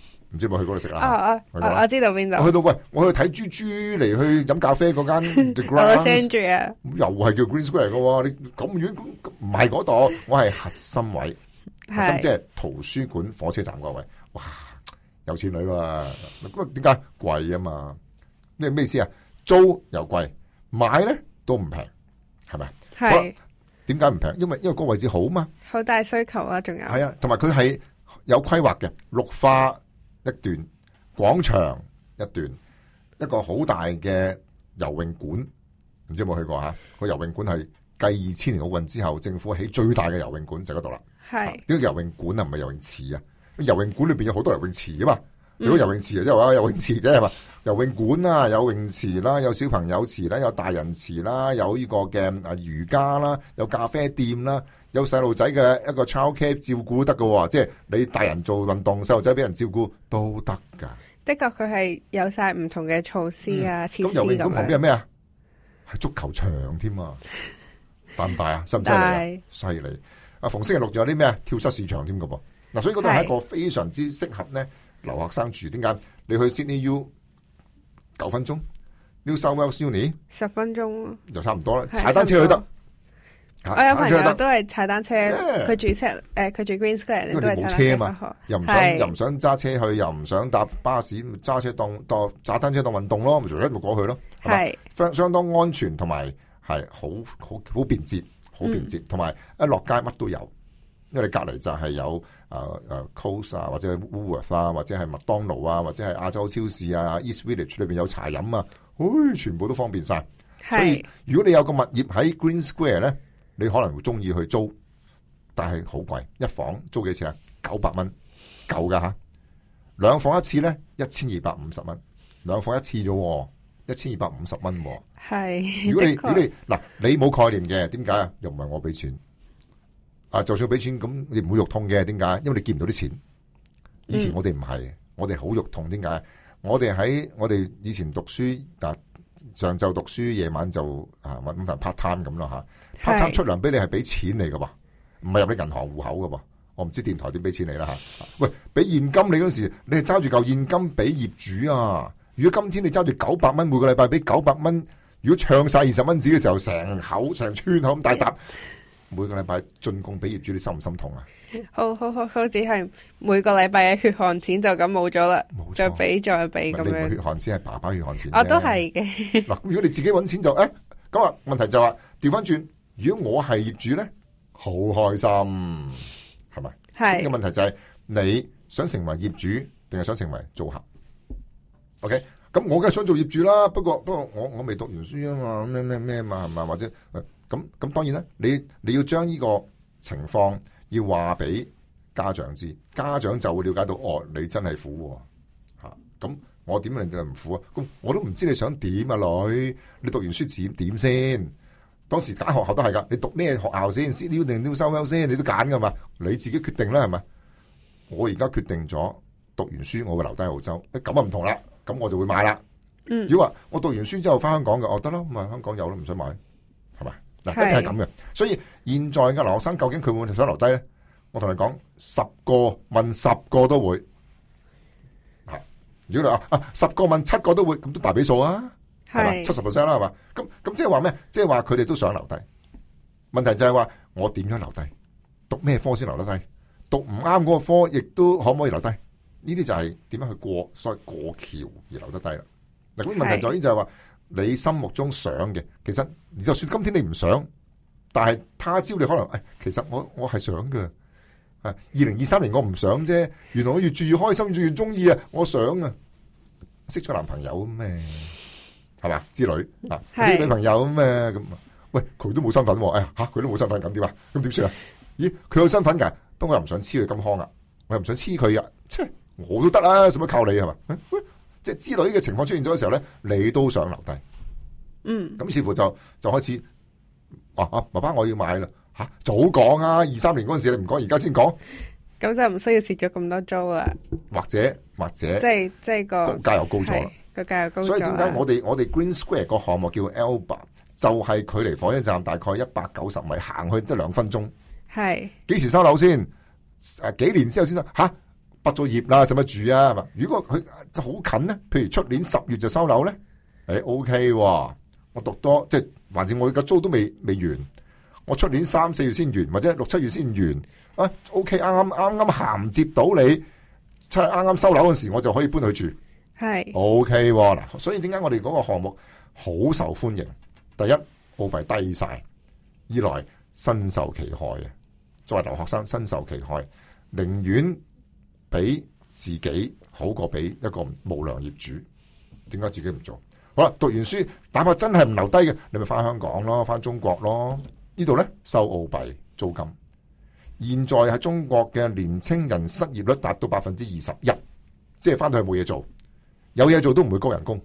唔知咪去嗰度食啦？我我知道邊度。我去到喂，我去睇豬豬嚟，去飲咖啡嗰間。我 send 住啊！又係叫 Green Square 嘅噶？你咁遠，唔係嗰度，我係核心位，是核心即係圖書館、火車站嗰位。哇，有錢女喎！咁啊，點解貴啊？貴嘛，咩咩意思啊？租又貴，買咧都唔平，係咪？係是。點解唔平？因為因為個位置好嘛。好大需求啊！仲有係啊，同埋佢係有規劃嘅綠化。一段廣場一段，一段一個好大嘅游泳館，唔知有冇去過吓、啊？個游泳館係繼二千年奧運之後，政府起最大嘅游泳館就喺嗰度啦。係點是？個、啊、游泳館啊，唔係游泳池啊？游泳館裏邊有好多游泳池啊嘛。如果游泳池即係話，游泳池即係話，游泳館啊、有泳池啦，有小朋友池啦、有大人池啦，有呢個嘅啊瑜伽啦，有咖啡店啦，有細路仔嘅一個 childcare 照顧都得㗎，即係你大人做運動，細路仔俾人照顧都得噶。的確、嗯，佢、嗯、係有晒唔同嘅措施啊，咁游泳館旁邊係咩啊？係足球場添啊！大唔大啊？犀唔犀利？犀利是！啊，逢星期六仲有啲咩？跳蚤市場添㗎噃。嗱，所以嗰度係一個非常之適合咧。留學生住點解？你去 Sydney U 九分鐘，New South Wales Uni 十分鐘，又差唔多啦。踩單車去得，我有朋友都係踩單車。佢住 s 誒，佢住 Green Square 因為冇車嘛，又唔想又唔想揸車去，又唔想搭巴士，揸車當當揸單車當運動咯。咁就一路過去咯。係相相當安全同埋係好好好便捷，好便捷，同埋一落街乜都有，因為你隔籬就係有。啊啊、uh, uh,，Coast 啊，或者是 Woolworth 啊，或者係麥當勞啊，或者係亞洲超市啊，East Village 裏邊有茶飲啊、哎，全部都方便晒。是所以如果你有個物業喺 Green Square 咧，你可能會中意去租，但係好貴，一房租幾錢啊？九百蚊，舊噶吓。兩、啊、房一次咧，一千二百五十蚊，兩房一次啫，一千二百五十蚊。係是，如果你確如果你嗱，你冇概念嘅，點解啊？又唔係我俾錢。啊！就算俾錢，咁你唔會肉痛嘅？點解？因為你見唔到啲錢。以前我哋唔係，嗯、我哋好肉痛。點解？我哋喺我哋以前讀書，嗱上晝讀書，夜晚就啊揾份 part time 咁啦吓。是 part time 出糧俾你係俾錢嚟㗎喎，唔係入你銀行戶口㗎喎。我唔知電台點俾錢你啦吓。喂，俾現金你嗰時，你係揸住嚿現金俾業主啊！如果今天你揸住九百蚊每個禮拜俾九百蚊，如果唱晒二十蚊紙嘅時候，成口成村口咁大沓。每個禮拜進貢俾業主，你心唔心痛啊？好好好好，只係每個禮拜嘅血汗錢就咁冇咗啦，冇錯，就俾再俾再俾咁樣。你唔係血汗錢係爸爸血汗錢。我都係嘅。嗱，如果你自己搵錢就誒，咁、哎、啊，問題就係調翻轉，如果我係業主咧，好開心，係咪？係。呢個問題就係、是、你想成為業主定係想成為租客？OK，咁我梗係想做業主啦，不過不過我我未讀完書啊嘛，咩咩咩嘛係嘛，或者。咁咁，當然啦，你你要將呢個情況要話俾家長知，家長就會了解到哦，你真係苦吓。咁我點令就唔苦啊？咁我、啊、我都唔知你想點啊，女，你讀完書點點先？當時揀學校都係噶，你讀咩學校先？私立定定 New South Wales 先？你都揀噶嘛？你自己決定啦，係咪？我而家決定咗，讀完書我會留低澳洲。咁啊唔同啦，咁我就會買啦。嗯、如果話我讀完書之後翻香港嘅，哦得啦，咁啊香港有都唔想買係咪？嗱，是一定係咁嘅，所以現在嘅留學生究竟佢會唔會想留低咧？我同你講，十個問十個都會，嚇！如果你話啊十個問七個都會，咁都大比數啊，係嘛？七十 percent 啦，係嘛？咁咁即係話咩？即係話佢哋都想留低。問題就係話我點樣留低？讀咩科先留得低？讀唔啱嗰個科，亦都可唔可以留低？呢啲就係點樣去過，所謂過橋而留得低啦。嗱，咁問題在於就係、是、話。是你心目中想嘅，其實就算今天你唔想，但係他朝你可能，誒、哎，其實我我係想嘅，誒，二零二三年我唔想啫，原來我越住越開心越中意啊，我想啊，識咗男朋友咩，係嘛之類，啊，是識女朋友咩咁，喂，佢都冇身份喎、啊，哎呀，吓、啊，佢都冇身份咁點啊，咁點算啊？咦，佢有身份噶、啊，不過又唔想黐佢金康啊，我又唔想黐佢啊，切，我都得啦、啊，使乜靠你係嘛？喂？即係之類嘅情況出現咗嘅時候咧，你都想留低，嗯，咁似乎就就開始，啊爸爸我要買啦，吓、啊，早講啊，二三年嗰陣時候你唔講，而家先講，咁就唔需要蝕咗咁多租啊或者或者，或者即係即係、嗰個價又高咗，個價又高，所以點解我哋我哋 Green Square 個項目叫 Alba 就係距離火車站大概一百九十米，行去得兩、即係、分鐘，係是，幾時收樓先？誒、啊，幾年之後先得吓？啊畢咗業啦，使乜住啊？係嘛？如果佢就好近咧，譬如出年十月就收樓咧，誒，O K，我讀多即係，反正我個租都未未完，我出年三四月先完，或者六七月先完啊，O K，啱啱啱啱銜接到你，即係啱啱收樓嗰時，我就可以搬去住，係，O K，嗱，所以點解我哋嗰個項目好受歡迎？第一，澳幣低晒，二來，身受其害嘅，作為留學生身受其害，寧願。俾自己好過俾一個無良業主，點解自己唔做？好啦，讀完書，哪怕真係唔留低嘅，你咪翻香港咯，翻中國咯，這裡呢度咧收澳幣租金。現在喺中國嘅年青人失業率達到百分之二十一，即係翻到去冇嘢做，有嘢做都唔會高人工，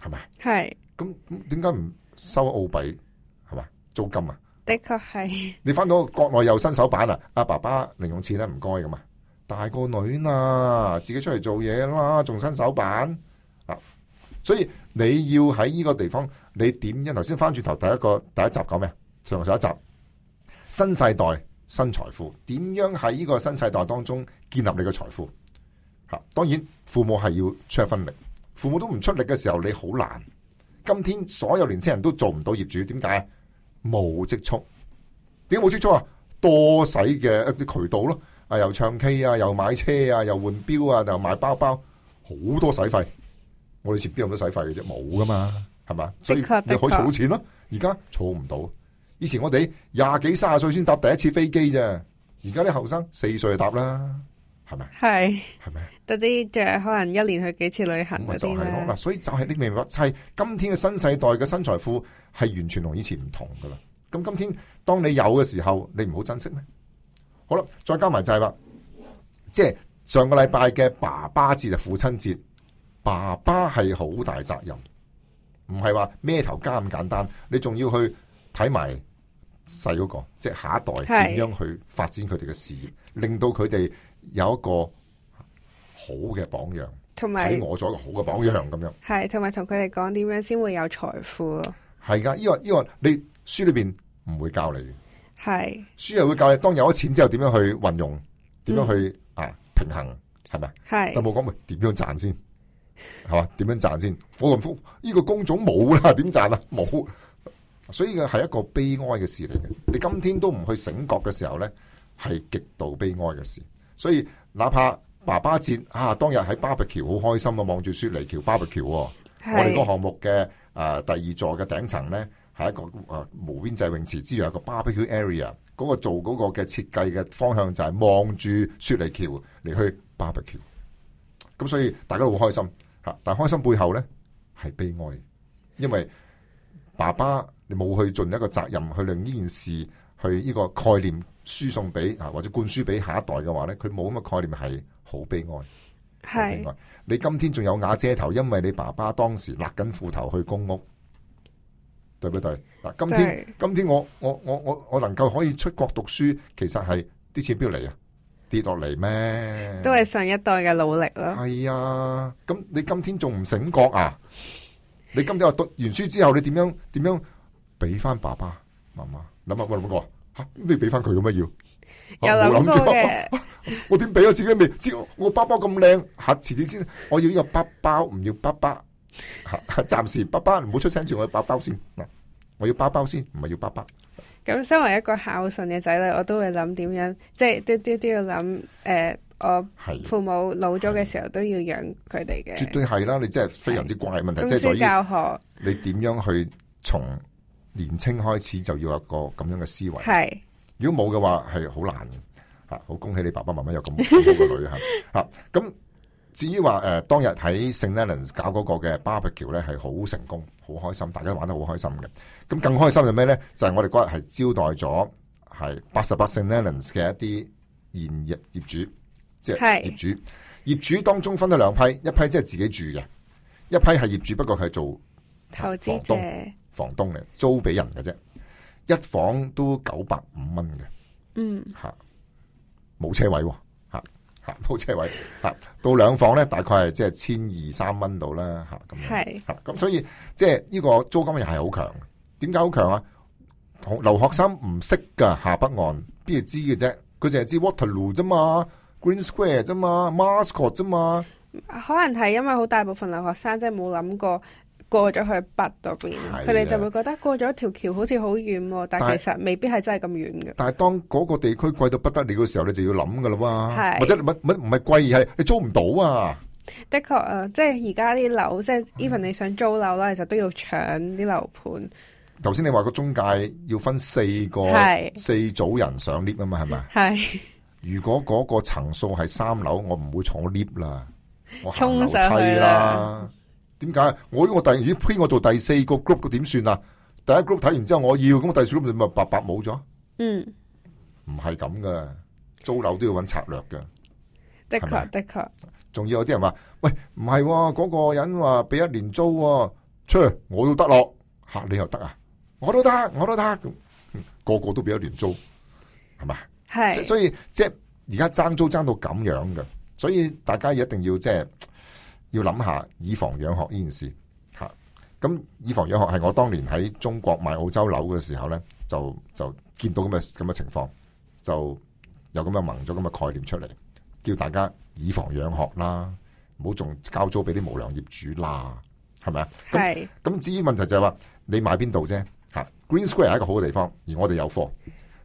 係咪？係。咁咁點解唔收澳幣？係嘛，租金啊？是的確係。你翻到國內又新手板啊？阿爸爸零用錢咧唔該咁嘛。大個女啦，自己出嚟做嘢啦，仲伸手板啊、嗯！所以你要喺呢個地方，你點樣？頭先翻轉頭，第一個第一集講咩？上一集，新世代新財富，點樣喺呢個新世代當中建立你嘅財富？吓、嗯，當然父母係要出一分力，父母都唔出力嘅時候，你好難。今天所有年輕人都做唔到業主，點解？冇積蓄，點冇積蓄啊？多使嘅一啲渠道咯。啊！又唱 K 啊，又買車啊，又換表啊，又買包包，好多使費。我哋持邊有咁多使費嘅啫，冇噶嘛，係嘛？所以你可以儲錢咯。而家儲唔到，以前我哋廿幾、卅歲先搭第一次飛機啫。而家啲後生四歲就搭啦，係咪？係，係咪？啲着可能一年去幾次旅行嗰咪就係咯啦，所以就係、是、你明白，即係今天嘅新世代嘅新財富係完全同以前唔同噶啦。咁今天當你有嘅時候，你唔好珍惜咩？好啦，再加埋就係、是、話，即係上個禮拜嘅爸爸節就父親節，爸爸係好大責任，唔係話孭頭家咁簡單，你仲要去睇埋細嗰個，即係下一代點樣去發展佢哋嘅事業，是令到佢哋有一個好嘅榜樣，同埋有我做一個好嘅榜樣咁樣。係，同埋同佢哋講點樣先會有財富咯。係噶，呢個呢個你書裏邊唔會教你的。係是書又會教你，當有咗錢之後點樣去運用，點、嗯、樣去啊平衡，係咪？係是。就冇講咪點樣賺先，係嘛？點樣賺先？我話呢個工種冇啦，點賺啊？冇。所以嘅係一個悲哀嘅事嚟嘅。你今天都唔去醒覺嘅時候咧，係極度悲哀嘅事。所以哪怕爸爸節啊，當日喺 Barbe 橋好開心啊，望住雪梨橋、哦、Barbe 橋，我哋個項目嘅、呃、第二座嘅頂層咧。係一個誒無邊際泳池之餘，有個 barbecue area，嗰個做嗰個嘅設計嘅方向就係望住雪梨橋嚟去 barbecue。咁所以大家好開心吓，但係開心背後咧，係悲哀，因為爸爸你冇去盡一個責任去令呢件事去呢個概念輸送俾啊或者灌輸俾下一代嘅話咧，佢冇咁嘅概念係好悲哀。係是你今天仲有瓦遮頭，因為你爸爸當時勒緊褲頭去公屋。對不對？嗱，今天是今天我我我我我能夠可以出國讀書，其實係啲錢邊嚟啊，跌落嚟咩？都係上一代嘅努力咯。係啊，咁你今天仲唔醒覺啊？你今天話讀完書之後你，你點樣點樣俾翻？爸爸媽媽諗下？喂，邊個吓？咁你俾翻佢有咩要？有諗過 我點俾啊？自己未？知我包包咁靚下，遲啲先，我要呢個包包，唔要包包。暫時爸爸唔好出聲住，我要包包先。嗱，我要包包先，唔係要爸爸。咁身為一個孝順嘅仔女，我都會諗點樣，即、就、係、是、都都都要諗。誒、呃,我父母老咗嘅時候都要養佢哋嘅。絕對係啦，你真係非常之怪嘅問題。公司教學，你點樣去從年青開始就要有個咁樣嘅思維？係的如果冇嘅話，係好難。吓，好恭喜你爸爸媽媽有咁好嘅女吓。吓，咁。至於話誒，當日喺 St Leonards 搞嗰個嘅 Barbecue 咧，係好成功，好開心，大家都玩得好開心嘅。咁更開心係咩咧？就係、是、我哋嗰日係招待咗係八十八 St Leonards 嘅一啲現業業主，即係業主是業主當中分咗兩批，一批即係自己住嘅，一批係業主，不過係做投資嘅房東嚟，租俾人嘅啫，一房都九百五蚊嘅，嗯吓，冇車位、哦。吓鋪車位， 到兩房咧，大概係即係千二三蚊度啦，吓咁樣，吓咁所以即係呢個租金又係好強，點解好強啊？同留學生唔識噶下北岸，邊度知嘅啫？佢淨係知 Waterloo 啫嘛，Green Square 啫嘛，Mascot 啫嘛，可能係因為好大部分留學生真係冇諗過。過咗去北度面，佢哋、啊、就會覺得過咗條橋好似好遠，但係其實未必係真係咁遠嘅。但係當嗰個地區貴到不得了嘅時候，你就要諗噶啦嘛，或者唔唔唔係貴而係你租唔到啊。的確啊，即係而家啲樓，即係 even 你想租樓啦，嗯、其實都要搶啲樓盤。頭先你話個中介要分四個是四組人上 lift 啊嘛，係咪？係是。如果嗰個層數係三樓，我唔會坐 lift 啦，我行樓梯啦。點解？我如果第如果派我做第四個 group，佢點算啊？第一 group 睇完之後，我要咁，我第四 group 咪白白冇咗？嗯，唔係咁噶，租樓都要揾策略噶，的確的確。仲要有啲人話，喂，唔係嗰個人話俾一年租、啊、出去，我都得咯。吓，你又得啊？我都得，我都得，個個都俾一年租，係嘛？係是。所以即係而家爭租爭到咁樣嘅，所以大家一定要即係。要諗下以房養學呢件事，吓咁以房養學係我當年喺中國買澳洲樓嘅時候咧，就就見到咁嘅咁嘅情況，就有咁嘅掹咗咁嘅概念出嚟，叫大家以房養學啦，唔好仲交租俾啲無良業主啦，係咪啊？係咁是至於問題就係、是、話你買邊度啫，吓 Green Square 係一個好嘅地方，而我哋有貨，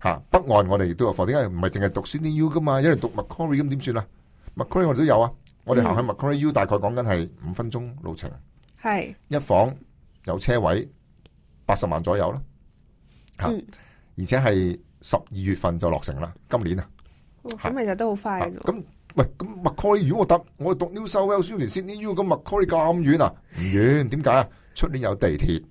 吓北岸我哋亦都有貨，點解唔係淨係讀 Sydney U 噶嘛？因人讀 Macquarie 咁點算啊？Macquarie 我哋都有啊。我哋行喺 Macquarie 大概講緊係五分鐘路程，係、嗯、一房有車位，八十萬左右啦，吓、嗯，而且係十二月份就落成啦，今年、嗯、是很啊，咁其實都好快。咁喂，咁 Macquarie 如果我得，我讀 New South Wales 先呢 U，咁 Macquarie 咁遠啊？唔遠，點解啊？出年有地鐵，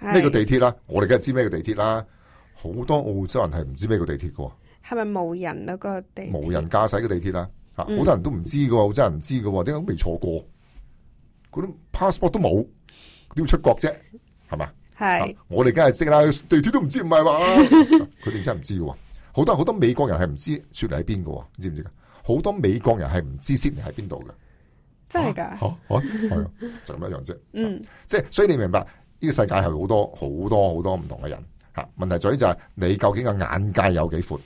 咩個是地鐵啦、啊？我哋梗係知咩個地鐵啦、啊？好多澳洲人係唔知咩、啊那個地鐵噶喎。係咪無人嗰個地？無人駕駛嘅地鐵啊？好多人都唔知噶，好真係唔知噶，點解都未錯過？佢都 passport 都冇，點出國啫？係嘛？係是、啊、我哋梗係識啦，地鐵都唔知唔係嘛？佢哋 真係唔知噶。好多好多美國人係唔知雪梨喺邊噶，你知唔知？好多美國人係唔知雪梨喺邊度噶，真係噶。好、啊，係就咁樣樣啫。嗯，即係所以你明白呢、這個世界係好多好多好多唔同嘅人。吓、啊，問題在於就係你究竟個眼界有幾闊？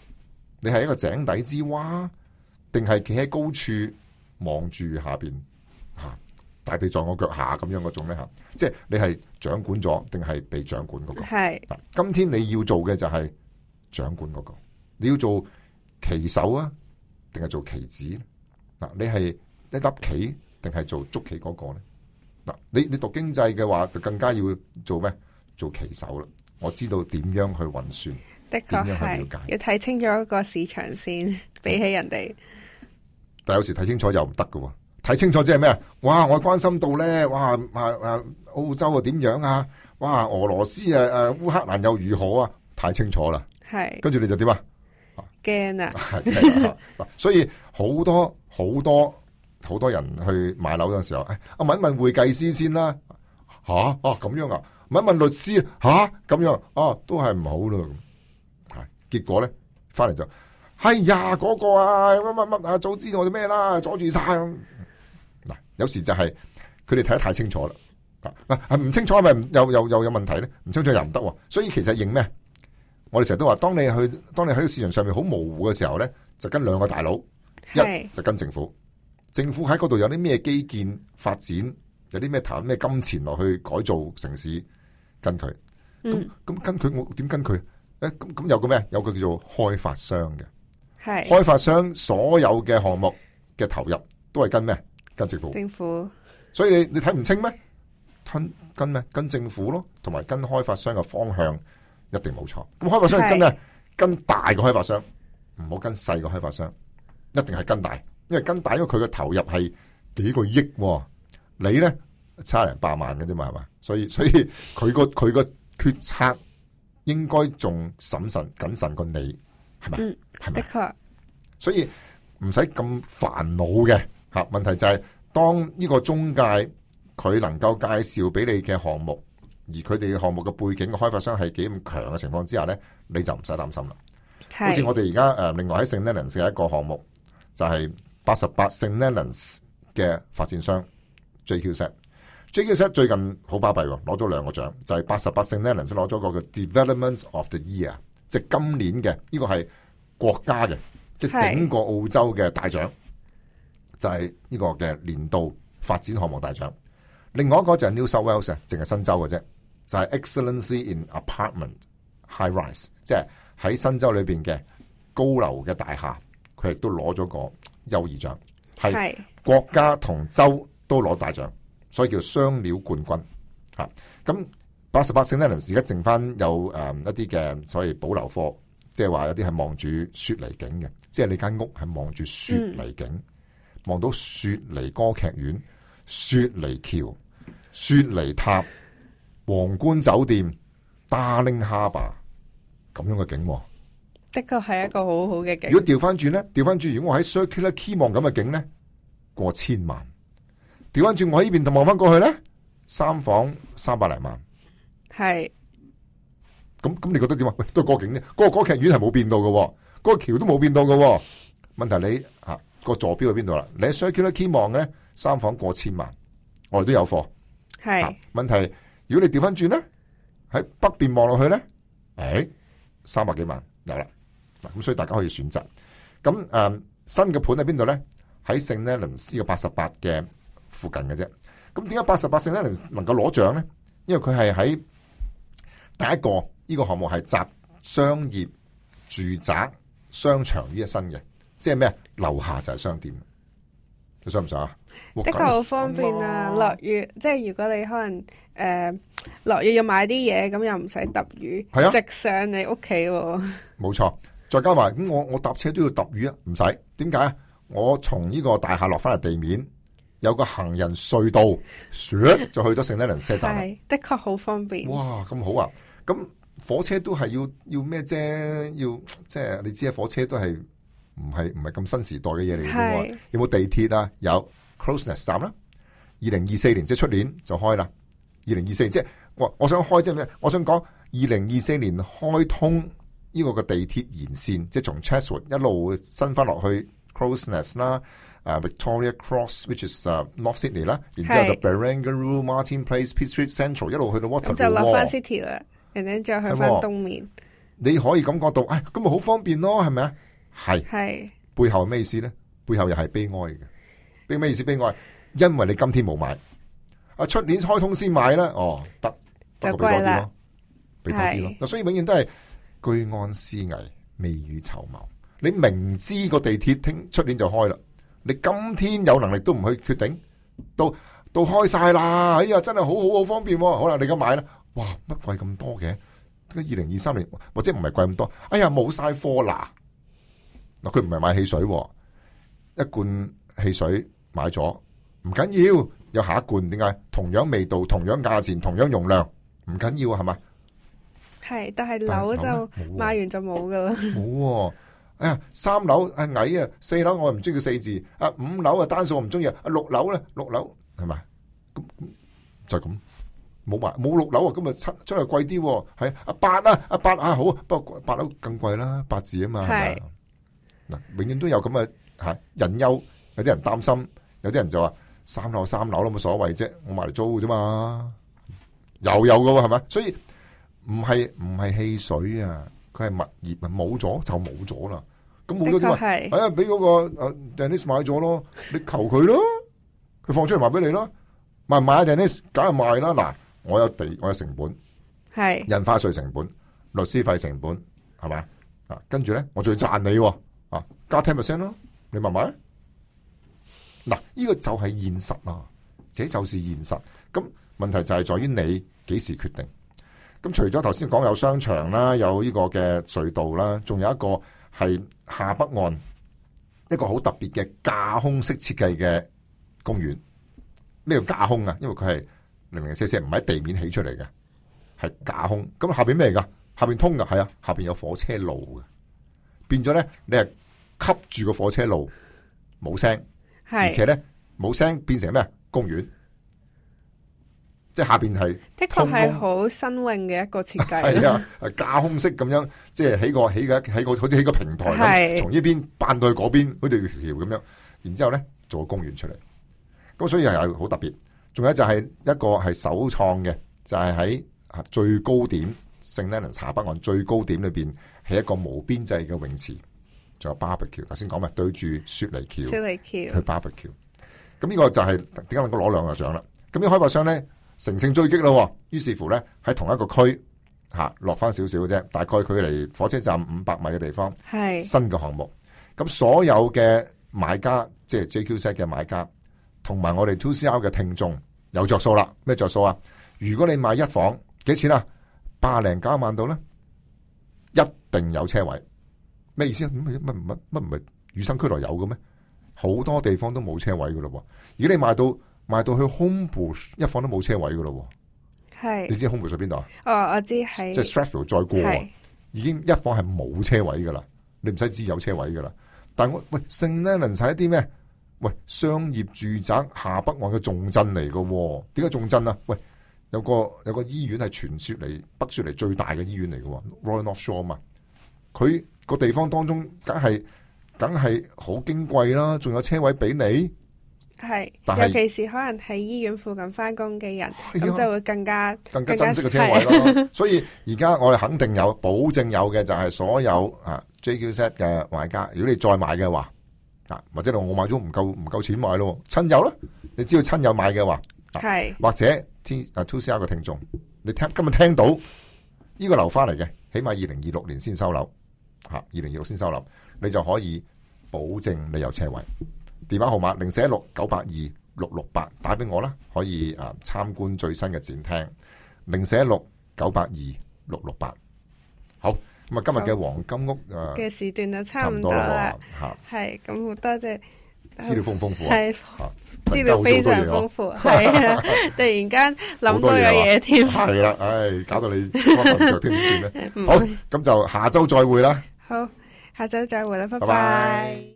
你係一個井底之蛙。定係企喺高處望住下邊，吓、啊、大地在我腳下咁樣嗰種咧吓，即係你係掌管咗，定係被掌管嗰、那個？係嗱是，今天你要做嘅就係掌管嗰、那個，你要做棋手啊，定係做棋子？嗱、啊，你係一粒棋、啊，定係做捉棋嗰個咧？嗱、啊，你你讀經濟嘅話，就更加要做咩？做棋手啦，我知道點樣去運算，的確，點樣去了解。要睇清楚個市場先，比起人哋。但有時睇清楚又唔得喎。睇清楚即係咩？哇！我關心到咧，哇！啊啊！澳洲啊點樣啊？哇！俄羅斯啊啊烏克蘭又如何啊？睇清楚啦，係是。跟住你就點啊？驚怕啊， 啊！所以好多好多好多人去買樓嘅時候，誒、哎，啊問一問會計師先啦、啊，吓哦咁樣啊，問一問律師吓咁、啊、樣、啊，哦、啊、都係唔好咯。係、啊，結果咧，翻嚟就。係、哎、呀，嗰、那個啊，乜乜乜啊，早知道我哋咩啦，阻住晒。嗱，有時就係佢哋睇得太清楚啦。嗱，唔清楚係咪又又又有問題咧？唔清楚又唔得。所以其實認咩？我哋成日都話，當你去，當你喺個市場上面好模糊嘅時候咧，就跟兩個大佬，一就跟政府。是政府喺嗰度有啲咩基建發展，有啲咩談咩金錢落去改造城市，跟佢。咁咁跟佢，我點跟佢？誒，咁咁有個咩？有個叫做開發商嘅。是開發商所有嘅項目嘅投入都係跟咩？跟政府。政府。所以你你睇唔清咩？吞跟咩？跟政府咯，同埋跟開發商嘅方向一定冇錯。咁開發商跟咩？是跟大個開發商，唔好跟細個開發商。一定係跟大，因為跟大，因為佢嘅投入係幾個億，啊，你咧差零八萬嘅啫嘛，係嘛？所以所以佢個佢個決策應該仲審慎謹慎過你。係嘛、嗯？的確，所以唔使咁煩惱嘅吓。問題就係當呢個中介佢能夠介紹俾你嘅項目，而佢哋嘅項目嘅背景嘅開發商係幾咁強嘅情況之下咧，你就唔使擔心啦。好似我哋而家誒，另外喺聖 Leonis 一個項目就 S S，就係八十八聖 Leonis 嘅發展商 JQZ。JQZ 最近好巴閉喎，攞咗兩個獎，就係八十八聖 Leonis 攞咗個叫 Development of the Year。即今年嘅呢個係國家嘅，即係整個澳洲嘅大獎，就係呢個嘅年度發展項目大獎。另外一個就係 New South Wales 淨係新州嘅啫，就係 Excellency in Apartment High Rise，即係喺新州裏邊嘅高樓嘅大廈，佢亦都攞咗個優異獎，係國家同州都攞大獎，所以叫雙料冠軍。吓咁。八十八聖能輪，而家剩翻有誒一啲嘅，所謂保留貨，即係話有啲係望住雪梨景嘅，即係你間屋係望住雪梨景，望到、嗯、雪梨歌劇院、雪梨橋、雪梨塔、皇冠酒店、Darling 達令哈巴咁樣嘅景。的確係一個很好好嘅景。如果調翻轉咧，調翻轉，如果我喺 Circular Quay 望咁嘅景咧，過千萬。調翻轉我喺呢邊就望翻過去咧，三房三百零萬。係咁咁，是你覺得點啊？喂，都係過境呢，那個歌劇、那個、院係冇變到嘅，那個橋都冇變到嘅。問題你啊、那個坐標喺邊度啦？你 Circular Quay 望咧三房過千萬，我哋都有貨。係是、啊、問題，如果你調翻轉咧，喺北邊望落去咧，誒、哎、三百幾萬有啦。嗱，咁所以大家可以選擇。咁誒、啊、新嘅盤喺邊度咧？喺聖尼倫斯嘅八十八嘅附近嘅啫。咁點解八十八聖尼倫能夠攞獎咧？因為佢係喺。第一個呢，呢個項目係集商業、住宅、商場於一身嘅。即係咩？樓下就係商店，你想唔想啊？的確好方便啊！落雨即係如果你可能誒落、呃、雨要買啲嘢，咁又唔使揼雨，啊，直上你屋企、啊。冇錯，再加埋咁我我搭車都要揼雨啊，唔使。點解啊？我從呢個大廈落翻嚟地面。有個行人隧道，就去咗聖尼倫車站啦。係的確好方便。哇，咁好啊！咁火車都係要要咩啫？要即係你知啊，火車都係唔係唔係咁新時代嘅嘢嚟嘅。有冇地鐵啊？有 Crows Nest 站啦，二零二四年即係出年就開啦。二零二四年即係我我想開即係咩？我想講二零二四年開通呢個嘅地鐵沿線，即係從 Chatswood 一路伸翻落去 Crows Nest 啦。Uh, Victoria Cross，which is、uh, North 啊，悉尼啦，然之後就 Barangaroo Martin Place，Pitt Street Central，一路去到 Waterloo，咁就落翻 City 啦，嗎然後再去翻東面。你可以感覺到，唉、哎，咁咪好方便咯，係咪啊？係是，背後咩意思咧？背後又係悲哀嘅，悲咩意思悲哀？因為你今天冇買，啊，出年開通先買啦，哦，得，就貴啲咯，貴啲咯。嗱是，所以永遠都係居安思危，未雨綢繆。你明知個地鐵聽出年就開啦。你今天有能力都唔去決定，到到開晒啦！哎呀，真係好好好方便，好啦，你而家買啦！哇，乜貴咁多嘅？二零二三年或者唔係貴咁多，哎呀，冇晒貨啦！嗱，佢唔係買汽水，一罐汽水買咗唔緊要，有下一罐點解？同樣味道、同樣價錢、同樣容量，唔緊要係咪？係，但係樓就賣完就冇噶啦，冇。哎呀，三樓係矮啊，四樓我又唔中意佢四字，啊五樓啊單數我唔中意，啊六樓咧，六樓係咪？咁就係咁，冇埋冇六樓啊，今日七出嚟貴啲，係啊八啊啊八啊好，不過八樓更貴啦，八字啊嘛係咪？嗱，永遠都有咁嘅吓隱憂，有啲人擔心，有啲人就話三樓，三樓都冇所謂啫，我買嚟租嘅啫嘛，有，有嘅係咪？所以唔係唔係汽水啊。佢係物業咪冇咗就冇咗啦，咁好多啲咪哎呀，俾嗰個誒，Dennis 買咗咯，你求佢咯，佢放出嚟賣俾你咯，咪買，買啊，Dennis 梗係賣啦，嗱，我有地，我有成本，係印花稅成本、律師費成本，係嘛啊，跟住咧，我仲要賺你，啊，加 ten percent 咯，你買唔買？嗱，呢個就係現實啊，這就是現實，咁問題就係在於你幾時決定。咁除咗頭先講有商場啦，有呢個嘅隧道啦，仲有一個係下北岸一個好特別嘅架空式設計嘅公園。咩叫架空啊？因為佢係零零四四唔喺地面起出嚟嘅，係架空。咁下邊咩噶？下邊通噶，係啊，下邊有火車路嘅。變咗咧，你係吸住個火車路，冇聲，是而且咧冇聲，變成咩公園？即係下邊係的確係好新穎嘅一個設計，係啊，架空式咁樣，即係喺個喺個喺個好似喺個平台從從呢邊搬到去嗰邊，好似條橋咁樣，是然之後呢做個公園出嚟。咁所以係好特別，仲有就係一個係首創嘅，就係、是、喺最高點聖丹尼斯下北岸最高點裏邊，係一個無邊際嘅泳池，仲有 barbecue。頭先講咪對住雪梨橋，雪梨橋去 barbecue。咁呢個就係點解能夠攞兩個獎啦？咁啲開發商呢？乘勝追擊咯，於是乎咧，喺同一個區吓落翻少少啫，大概距離火車站五百米嘅地方，是新嘅項目。咁所有嘅買家，即係 JQZ 嘅買家，同埋我哋 2CR 嘅聽眾，有着數啦。咩着數啊？如果你買一房幾錢啊？八零加萬度咧，一定有車位。咩意思啊？乜乜乜唔係與生俱來有嘅咩？好多地方都冇車位噶咯，如果你賣到。賣到去 Homebush 一房都冇車位噶咯，係是你知 Homebush 喺邊度啊？哦，我知係即係 Strathfield 再過，是已經一房係冇車位噶啦，你唔使知有車位噶啦。但係我喂，St Leonards 係一啲咩？喂，商業住宅下北岸嘅重鎮嚟嘅，點解重鎮啊？喂，有個有個醫院係傳說嚟，北說嚟最大嘅醫院嚟嘅，Royal North Shore 啊嘛，佢個地方當中梗係梗係好矜貴啦，仲有車位俾你。係，是是尤其是可能喺醫院附近翻工嘅人，咁，的就會更加更加珍惜個車位咯。是的 所以而家我哋肯定有 保證有嘅就係所有啊 JQZ 嘅買家，如果你再買嘅話啊，或者我買咗唔夠唔夠錢買咯，親友咧，你只要親友買嘅話，係是的 或者 2CR 嘅聽眾，你聽今日聽到呢、這個樓花嚟嘅，起碼二零二六年先收樓吓，二零二六先收樓，你就可以保證你有車位。電話號碼零四一六九八二六六八，打俾我啦，可以啊參觀最新嘅展廳，零四一六九八二六六八。好，咁啊今日嘅黃金屋啊嘅時段都差唔多啦。吓，係，咁好多謝資料豐豐富啊，資料非常豐富啊，係啊，突然間諗多嘢嘢添，係啦，唉，搞到你聽唔見。好，咁就下周再會啦。好，下周再會啦，拜拜。